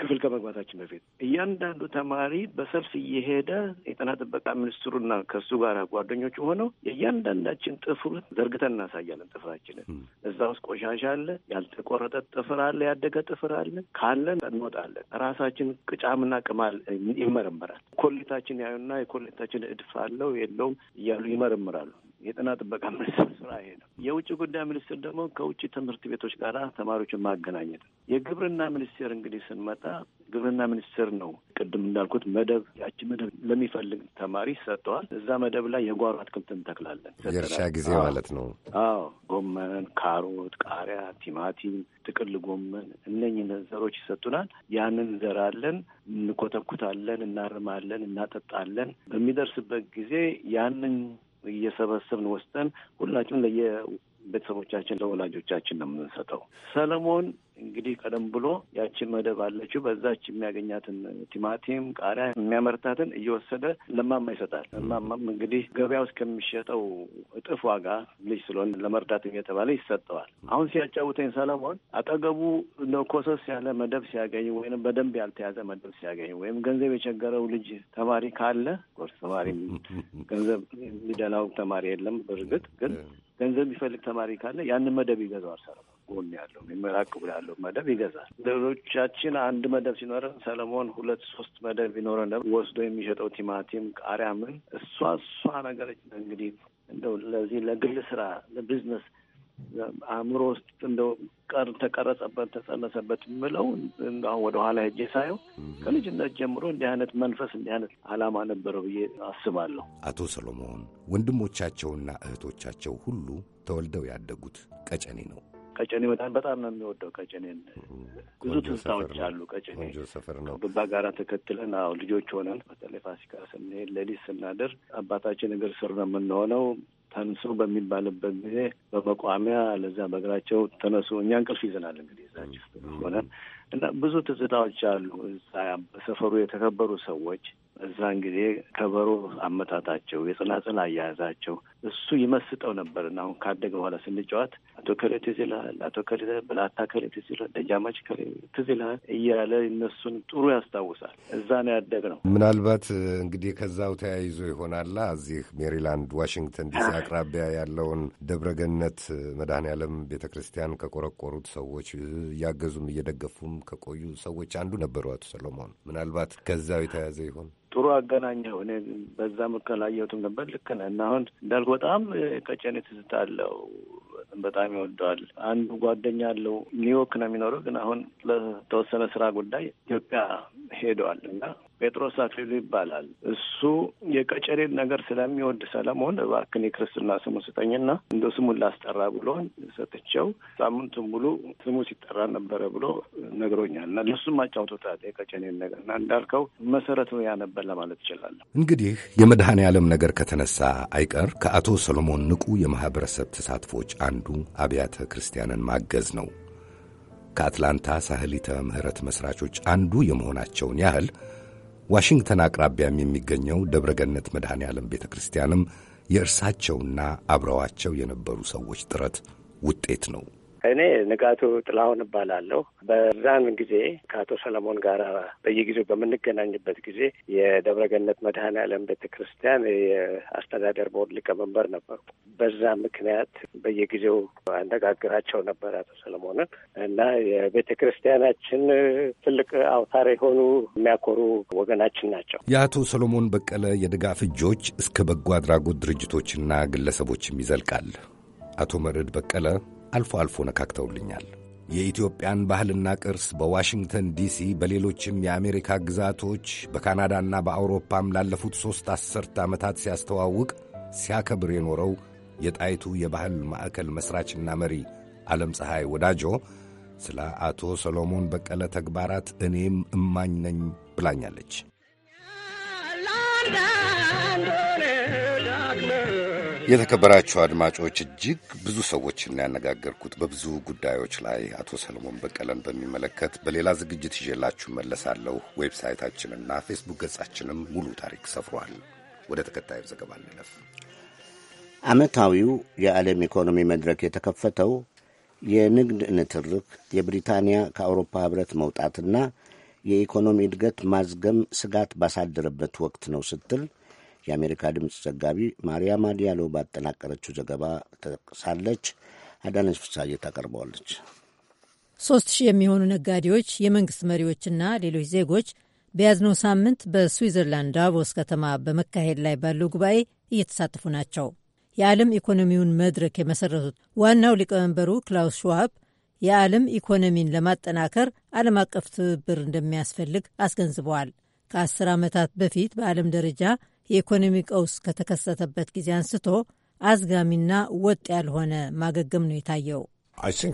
ክፍል ከመግባታችን በፊት እያንዳንዱ ተማሪ በሰልፍ እየሄደ የጤና ጥበቃ ሚኒስትሩና ከእሱ ጋር ጓደኞቹ ሆነው የእያንዳንዳችን ጥፍር ዘርግተን እናሳያለን። ጥፍራችንን እዛ ውስጥ ቆሻሻ አለ፣ ያልተቆረጠ ጥፍር አለ፣ ያደገ ጥፍር አለ። ካለን እንወጣለን። ራሳችን ቅጫምና ቅማል ይመረምራል። ኮሌታችን ያዩና የኮሌታችን እድፍ አለው የለውም እያሉ ይመረምራሉ። የጤና ጥበቃ ሚኒስትር ስራ ይሄ ነው። የውጭ ጉዳይ ሚኒስትር ደግሞ ከውጭ ትምህርት ቤቶች ጋር ተማሪዎችን ማገናኘት ነው። የግብርና ሚኒስቴር እንግዲህ ስንመጣ ግብርና ሚኒስቴር ነው ቅድም እንዳልኩት መደብ ያቺ መደብ ለሚፈልግ ተማሪ ሰጥተዋል። እዛ መደብ ላይ የጓሮ አትክልት እንተክላለን። የእርሻ ጊዜ ማለት ነው። አዎ ጎመን፣ ካሮት፣ ቃሪያ፣ ቲማቲም፣ ጥቅል ጎመን እነኝህ ዘሮች ይሰጡናል። ያንን ዘራለን፣ እንኮተኩታለን፣ እናርማለን፣ እናጠጣለን። በሚደርስበት ጊዜ ያንን እየሰበሰብን ወስደን ሁላችሁም ለየ ቤተሰቦቻችን ለወላጆቻችን ነው የምንሰጠው። ሰለሞን እንግዲህ ቀደም ብሎ ያችን መደብ አለችው። በዛች የሚያገኛትን ቲማቲም፣ ቃሪያ የሚያመርታትን እየወሰደ ለማማ ይሰጣል። ለማማም እንግዲህ ገበያ ውስጥ ከሚሸጠው እጥፍ ዋጋ ልጅ ስለሆን ለመርዳት እየተባለ ይሰጠዋል። አሁን ሲያጫውተኝ ሰለሞን አጠገቡ ኮሰስ ያለ መደብ ሲያገኝ ወይም በደንብ ያልተያዘ መደብ ሲያገኝ ወይም ገንዘብ የቸገረው ልጅ ተማሪ ካለ ኮርስ ተማሪ ገንዘብ የሚደላው ተማሪ የለም። በእርግጥ ግን ገንዘብ የሚፈልግ ተማሪ ካለ ያንን መደብ ይገዛዋል። ሰለሞን ጎን ያለው የሚመራቅ ብሎ ያለው መደብ ይገዛል። ሌሎቻችን አንድ መደብ ሲኖረን ሰለሞን ሁለት ሶስት መደብ ቢኖረን ወስዶ የሚሸጠው ቲማቲም፣ ቃሪያ ምን እሷ እሷ ነገር እንግዲህ እንደው ለዚህ ለግል ስራ ለቢዝነስ አእምሮ ውስጥ እንደው ቀር ተቀረጸበት ተጸነሰበት የምለው አሁን ወደ ኋላ ሄጄ ሳየው ከልጅነት ጀምሮ እንዲህ አይነት መንፈስ እንዲህ አይነት አላማ ነበረው ብዬ አስባለሁ። አቶ ሰሎሞን ወንድሞቻቸውና እህቶቻቸው ሁሉ ተወልደው ያደጉት ቀጨኔ ነው። ቀጨኔ በጣም በጣም ነው የሚወደው ቀጨኔን። ብዙ ትዝታዎች አሉ። ቀጨኔ ነው። ብባ ጋራ ተከትለን አዎ ልጆች ሆነን በተለይ ፋሲካ ስንሄድ ሌሊት ስናድር አባታችን እግር ስር ነው የምንሆነው። ተንሱ በሚባልበት ጊዜ በመቋሚያ ለዚያ በእግራቸው ተነሱ። እኛ እንቅልፍ ይዘናል እንግዲህ እዛች እና ብዙ ትዝታዎች አሉ። በሰፈሩ የተከበሩ ሰዎች እዛን ጊዜ ከበሮ አመታታቸው፣ የጽናጽል አያያዛቸው እሱ ይመስጠው ነበር እና አሁን ካደገ በኋላ ስንጫወት አቶ ከሌ ትዝ ይልሃል፣ አቶ ከሌ ብላታ ከሌ ትዝ ይልሃል፣ ደጃማች ከሌ ትዝ ይልሃል እያለ እነሱን ጥሩ ያስታውሳል። እዛ ነው ያደግ ነው። ምናልባት እንግዲህ ከዛው ተያይዞ ይሆናላ እዚህ ሜሪላንድ ዋሽንግተን ዲሲ አቅራቢያ ያለውን ደብረገነት መድኃኔዓለም ቤተ ክርስቲያን ከቆረቆሩት ሰዎች እያገዙም እየደገፉም ከቆዩ ሰዎች አንዱ ነበሩ አቶ ሰሎሞን። ምናልባት ከዛው የተያዘ ይሆን? ጥሩ አገናኘው። እኔ በዛ ምርከ ላየሁትም ነበር። ልክ ነህ እና አሁን እንዳልኩ በጣም ቀጨኔ ትዝታ አለው። በጣም ይወደዋል። አንዱ ጓደኛ አለው ኒውዮርክ ነው የሚኖረው፣ ግን አሁን ለተወሰነ ስራ ጉዳይ ኢትዮጵያ ሄደዋል እና ጴጥሮስ አክሊሉ ይባላል። እሱ የቀጨሬን ነገር ስለሚወድ ሰለሞን እባክን የክርስትና ስሙ ስጠኝና እንደ ስሙን ላስጠራ ብሎ ሰጥቼው ሳምንቱን ሙሉ ስሙ ሲጠራ ነበረ ብሎ ነግሮኛል። እና ለሱም አጫውቶታል የቀጨኔን ነገር እና እንዳልከው መሰረቱ ያ ነበር ለማለት እንግዲህ የመድኃኔ ዓለም ነገር ከተነሳ አይቀር ከአቶ ሰሎሞን ንቁ የማህበረሰብ ተሳትፎች አንዱ አብያተ ክርስቲያንን ማገዝ ነው። ከአትላንታ ሳህሊተ ምህረት መስራቾች አንዱ የመሆናቸውን ያህል ዋሽንግተን አቅራቢያም የሚገኘው ደብረገነት ገነት መድኃኔ ዓለም ቤተ ክርስቲያንም የእርሳቸውና አብረዋቸው የነበሩ ሰዎች ጥረት ውጤት ነው። እኔ ንጋቱ ጥላሁን እባላለሁ። በዛን ጊዜ ከአቶ ሰለሞን ጋር በየጊዜው በምንገናኝበት ጊዜ የደብረገነት መድኃኔ ዓለም ቤተ ክርስቲያን የአስተዳደር ቦርድ ሊቀመንበር ነበርኩ። በዛ ምክንያት በየጊዜው አነጋግራቸው ነበር አቶ ሰለሞንን እና የቤተ ክርስቲያናችን ትልቅ አውታር የሆኑ የሚያኮሩ ወገናችን ናቸው። የአቶ ሰሎሞን በቀለ የድጋፍ እጆች እስከ በጎ አድራጎት ድርጅቶችና ግለሰቦችም ይዘልቃል። አቶ መርድ በቀለ አልፎ አልፎ ነካክተውልኛል። የኢትዮጵያን ባህልና ቅርስ በዋሽንግተን ዲሲ በሌሎችም የአሜሪካ ግዛቶች በካናዳና በአውሮፓም ላለፉት ሦስት አስርተ ዓመታት ሲያስተዋውቅ ሲያከብር የኖረው የጣይቱ የባህል ማዕከል መሥራችና መሪ ዓለም ፀሐይ ወዳጆ ስለ አቶ ሰሎሞን በቀለ ተግባራት እኔም እማኝ ነኝ ብላኛለች። የተከበራችሁ አድማጮች እጅግ ብዙ ሰዎችን ያነጋገርኩት በብዙ ጉዳዮች ላይ አቶ ሰለሞን በቀለን በሚመለከት በሌላ ዝግጅት ይዤላችሁ መለሳለሁ። ዌብሳይታችንና ፌስቡክ ገጻችንም ሙሉ ታሪክ ሰፍሯል። ወደ ተከታዩ ዘገባ እንለፍ። ዓመታዊው የዓለም ኢኮኖሚ መድረክ የተከፈተው የንግድ ንትርክ የብሪታንያ ከአውሮፓ ኅብረት መውጣትና የኢኮኖሚ እድገት ማዝገም ስጋት ባሳደረበት ወቅት ነው ስትል የአሜሪካ ድምፅ ዘጋቢ ማርያማ ዲያሎ ባጠናቀረችው ዘገባ ተጠቅሳለች። አዳነች ፍሳዬ ታቀርበዋለች። ሶስት ሺህ የሚሆኑ ነጋዴዎች፣ የመንግስት መሪዎችና ሌሎች ዜጎች በያዝነው ሳምንት በስዊዘርላንድ ዳቮስ ከተማ በመካሄድ ላይ ባለው ጉባኤ እየተሳተፉ ናቸው። የዓለም ኢኮኖሚውን መድረክ የመሰረቱት ዋናው ሊቀመንበሩ ክላውስ ሽዋብ የዓለም ኢኮኖሚን ለማጠናከር ዓለም አቀፍ ትብብር እንደሚያስፈልግ አስገንዝበዋል። ከአስር ዓመታት በፊት በዓለም ደረጃ የኢኮኖሚ ቀውስ ከተከሰተበት ጊዜ አንስቶ አዝጋሚና ወጥ ያልሆነ ማገገም ነው የታየው። uh,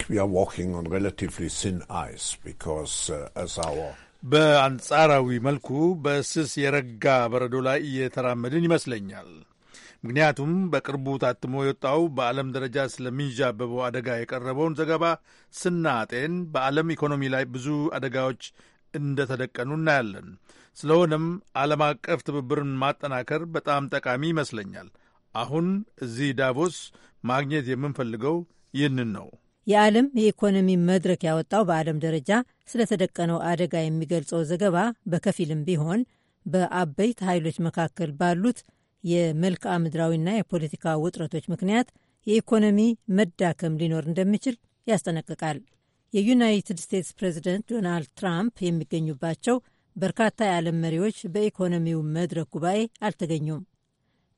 በአንጻራዊ መልኩ በስስ የረጋ በረዶ ላይ እየተራመድን ይመስለኛል። ምክንያቱም በቅርቡ ታትሞ የወጣው በዓለም ደረጃ ስለሚንዣበበው አደጋ የቀረበውን ዘገባ ስናጤን በዓለም ኢኮኖሚ ላይ ብዙ አደጋዎች እንደተደቀኑ እናያለን። ስለሆነም ዓለም አቀፍ ትብብርን ማጠናከር በጣም ጠቃሚ ይመስለኛል። አሁን እዚህ ዳቮስ ማግኘት የምንፈልገው ይህንን ነው። የዓለም የኢኮኖሚ መድረክ ያወጣው በዓለም ደረጃ ስለተደቀነው አደጋ የሚገልጸው ዘገባ በከፊልም ቢሆን በአበይት ኃይሎች መካከል ባሉት የመልክዓ ምድራዊና የፖለቲካ ውጥረቶች ምክንያት የኢኮኖሚ መዳከም ሊኖር እንደሚችል ያስጠነቅቃል። የዩናይትድ ስቴትስ ፕሬዚደንት ዶናልድ ትራምፕ የሚገኙባቸው በርካታ የዓለም መሪዎች በኢኮኖሚው መድረክ ጉባኤ አልተገኙም።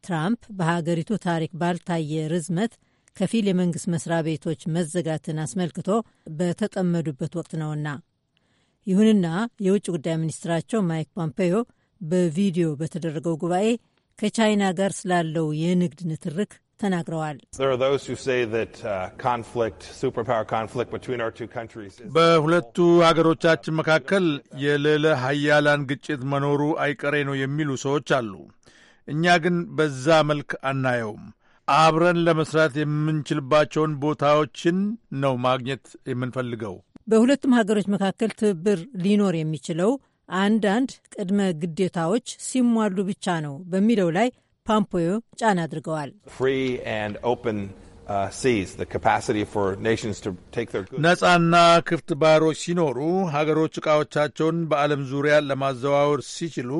ትራምፕ በሀገሪቱ ታሪክ ባልታየ ርዝመት ከፊል የመንግሥት መስሪያ ቤቶች መዘጋትን አስመልክቶ በተጠመዱበት ወቅት ነውና። ይሁንና የውጭ ጉዳይ ሚኒስትራቸው ማይክ ፖምፔዮ በቪዲዮ በተደረገው ጉባኤ ከቻይና ጋር ስላለው የንግድ ንትርክ ተናግረዋል። uh, በሁለቱ ሀገሮቻችን መካከል የልዕለ ሀያላን ግጭት መኖሩ አይቀሬ ነው የሚሉ ሰዎች አሉ። እኛ ግን በዛ መልክ አናየውም። አብረን ለመስራት የምንችልባቸውን ቦታዎችን ነው ማግኘት የምንፈልገው። በሁለቱም ሀገሮች መካከል ትብብር ሊኖር የሚችለው አንዳንድ ቅድመ ግዴታዎች ሲሟሉ ብቻ ነው በሚለው ላይ ፓምፖዮ ጫና አድርገዋል። uh, ነጻና ክፍት ባህሮች ሲኖሩ ሀገሮች ዕቃዎቻቸውን በዓለም ዙሪያ ለማዘዋወር ሲችሉ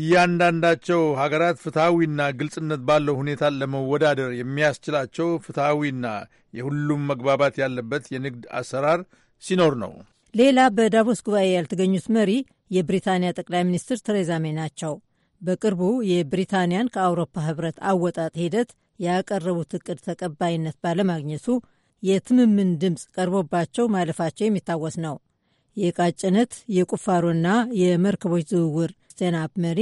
እያንዳንዳቸው ሀገራት ፍትሐዊና ግልጽነት ባለው ሁኔታ ለመወዳደር የሚያስችላቸው ፍትሐዊና የሁሉም መግባባት ያለበት የንግድ አሰራር ሲኖር ነው። ሌላ በዳቮስ ጉባኤ ያልተገኙት መሪ የብሪታንያ ጠቅላይ ሚኒስትር ቴሬዛ ሜይ ናቸው። በቅርቡ የብሪታንያን ከአውሮፓ ህብረት አወጣጥ ሂደት ያቀረቡት እቅድ ተቀባይነት ባለማግኘቱ የትምምን ድምፅ ቀርቦባቸው ማለፋቸው የሚታወስ ነው። የቃጭነት የቁፋሮና የመርከቦች ዝውውር ሴናፕ መሪ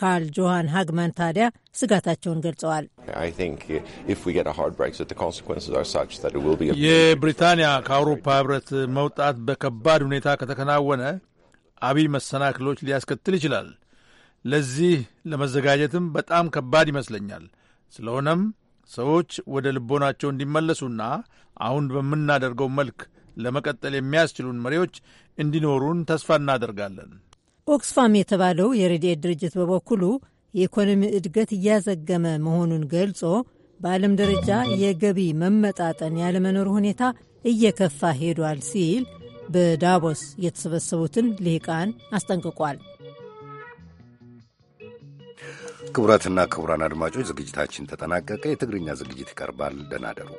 ካርል ጆሃን ሃግማን ታዲያ ስጋታቸውን ገልጸዋል። የብሪታንያ ከአውሮፓ ህብረት መውጣት በከባድ ሁኔታ ከተከናወነ አብይ መሰናክሎች ሊያስከትል ይችላል። ለዚህ ለመዘጋጀትም በጣም ከባድ ይመስለኛል። ስለሆነም ሰዎች ወደ ልቦናቸው እንዲመለሱና አሁን በምናደርገው መልክ ለመቀጠል የሚያስችሉን መሪዎች እንዲኖሩን ተስፋ እናደርጋለን። ኦክስፋም የተባለው የረድኤት ድርጅት በበኩሉ የኢኮኖሚ እድገት እያዘገመ መሆኑን ገልጾ በዓለም ደረጃ የገቢ መመጣጠን ያለመኖር ሁኔታ እየከፋ ሄዷል ሲል በዳቦስ የተሰበሰቡትን ልሂቃን አስጠንቅቋል። ክቡራትና ክቡራን አድማጮች ዝግጅታችን ተጠናቀቀ። የትግርኛ ዝግጅት ይቀርባል። ደህና ደሩ።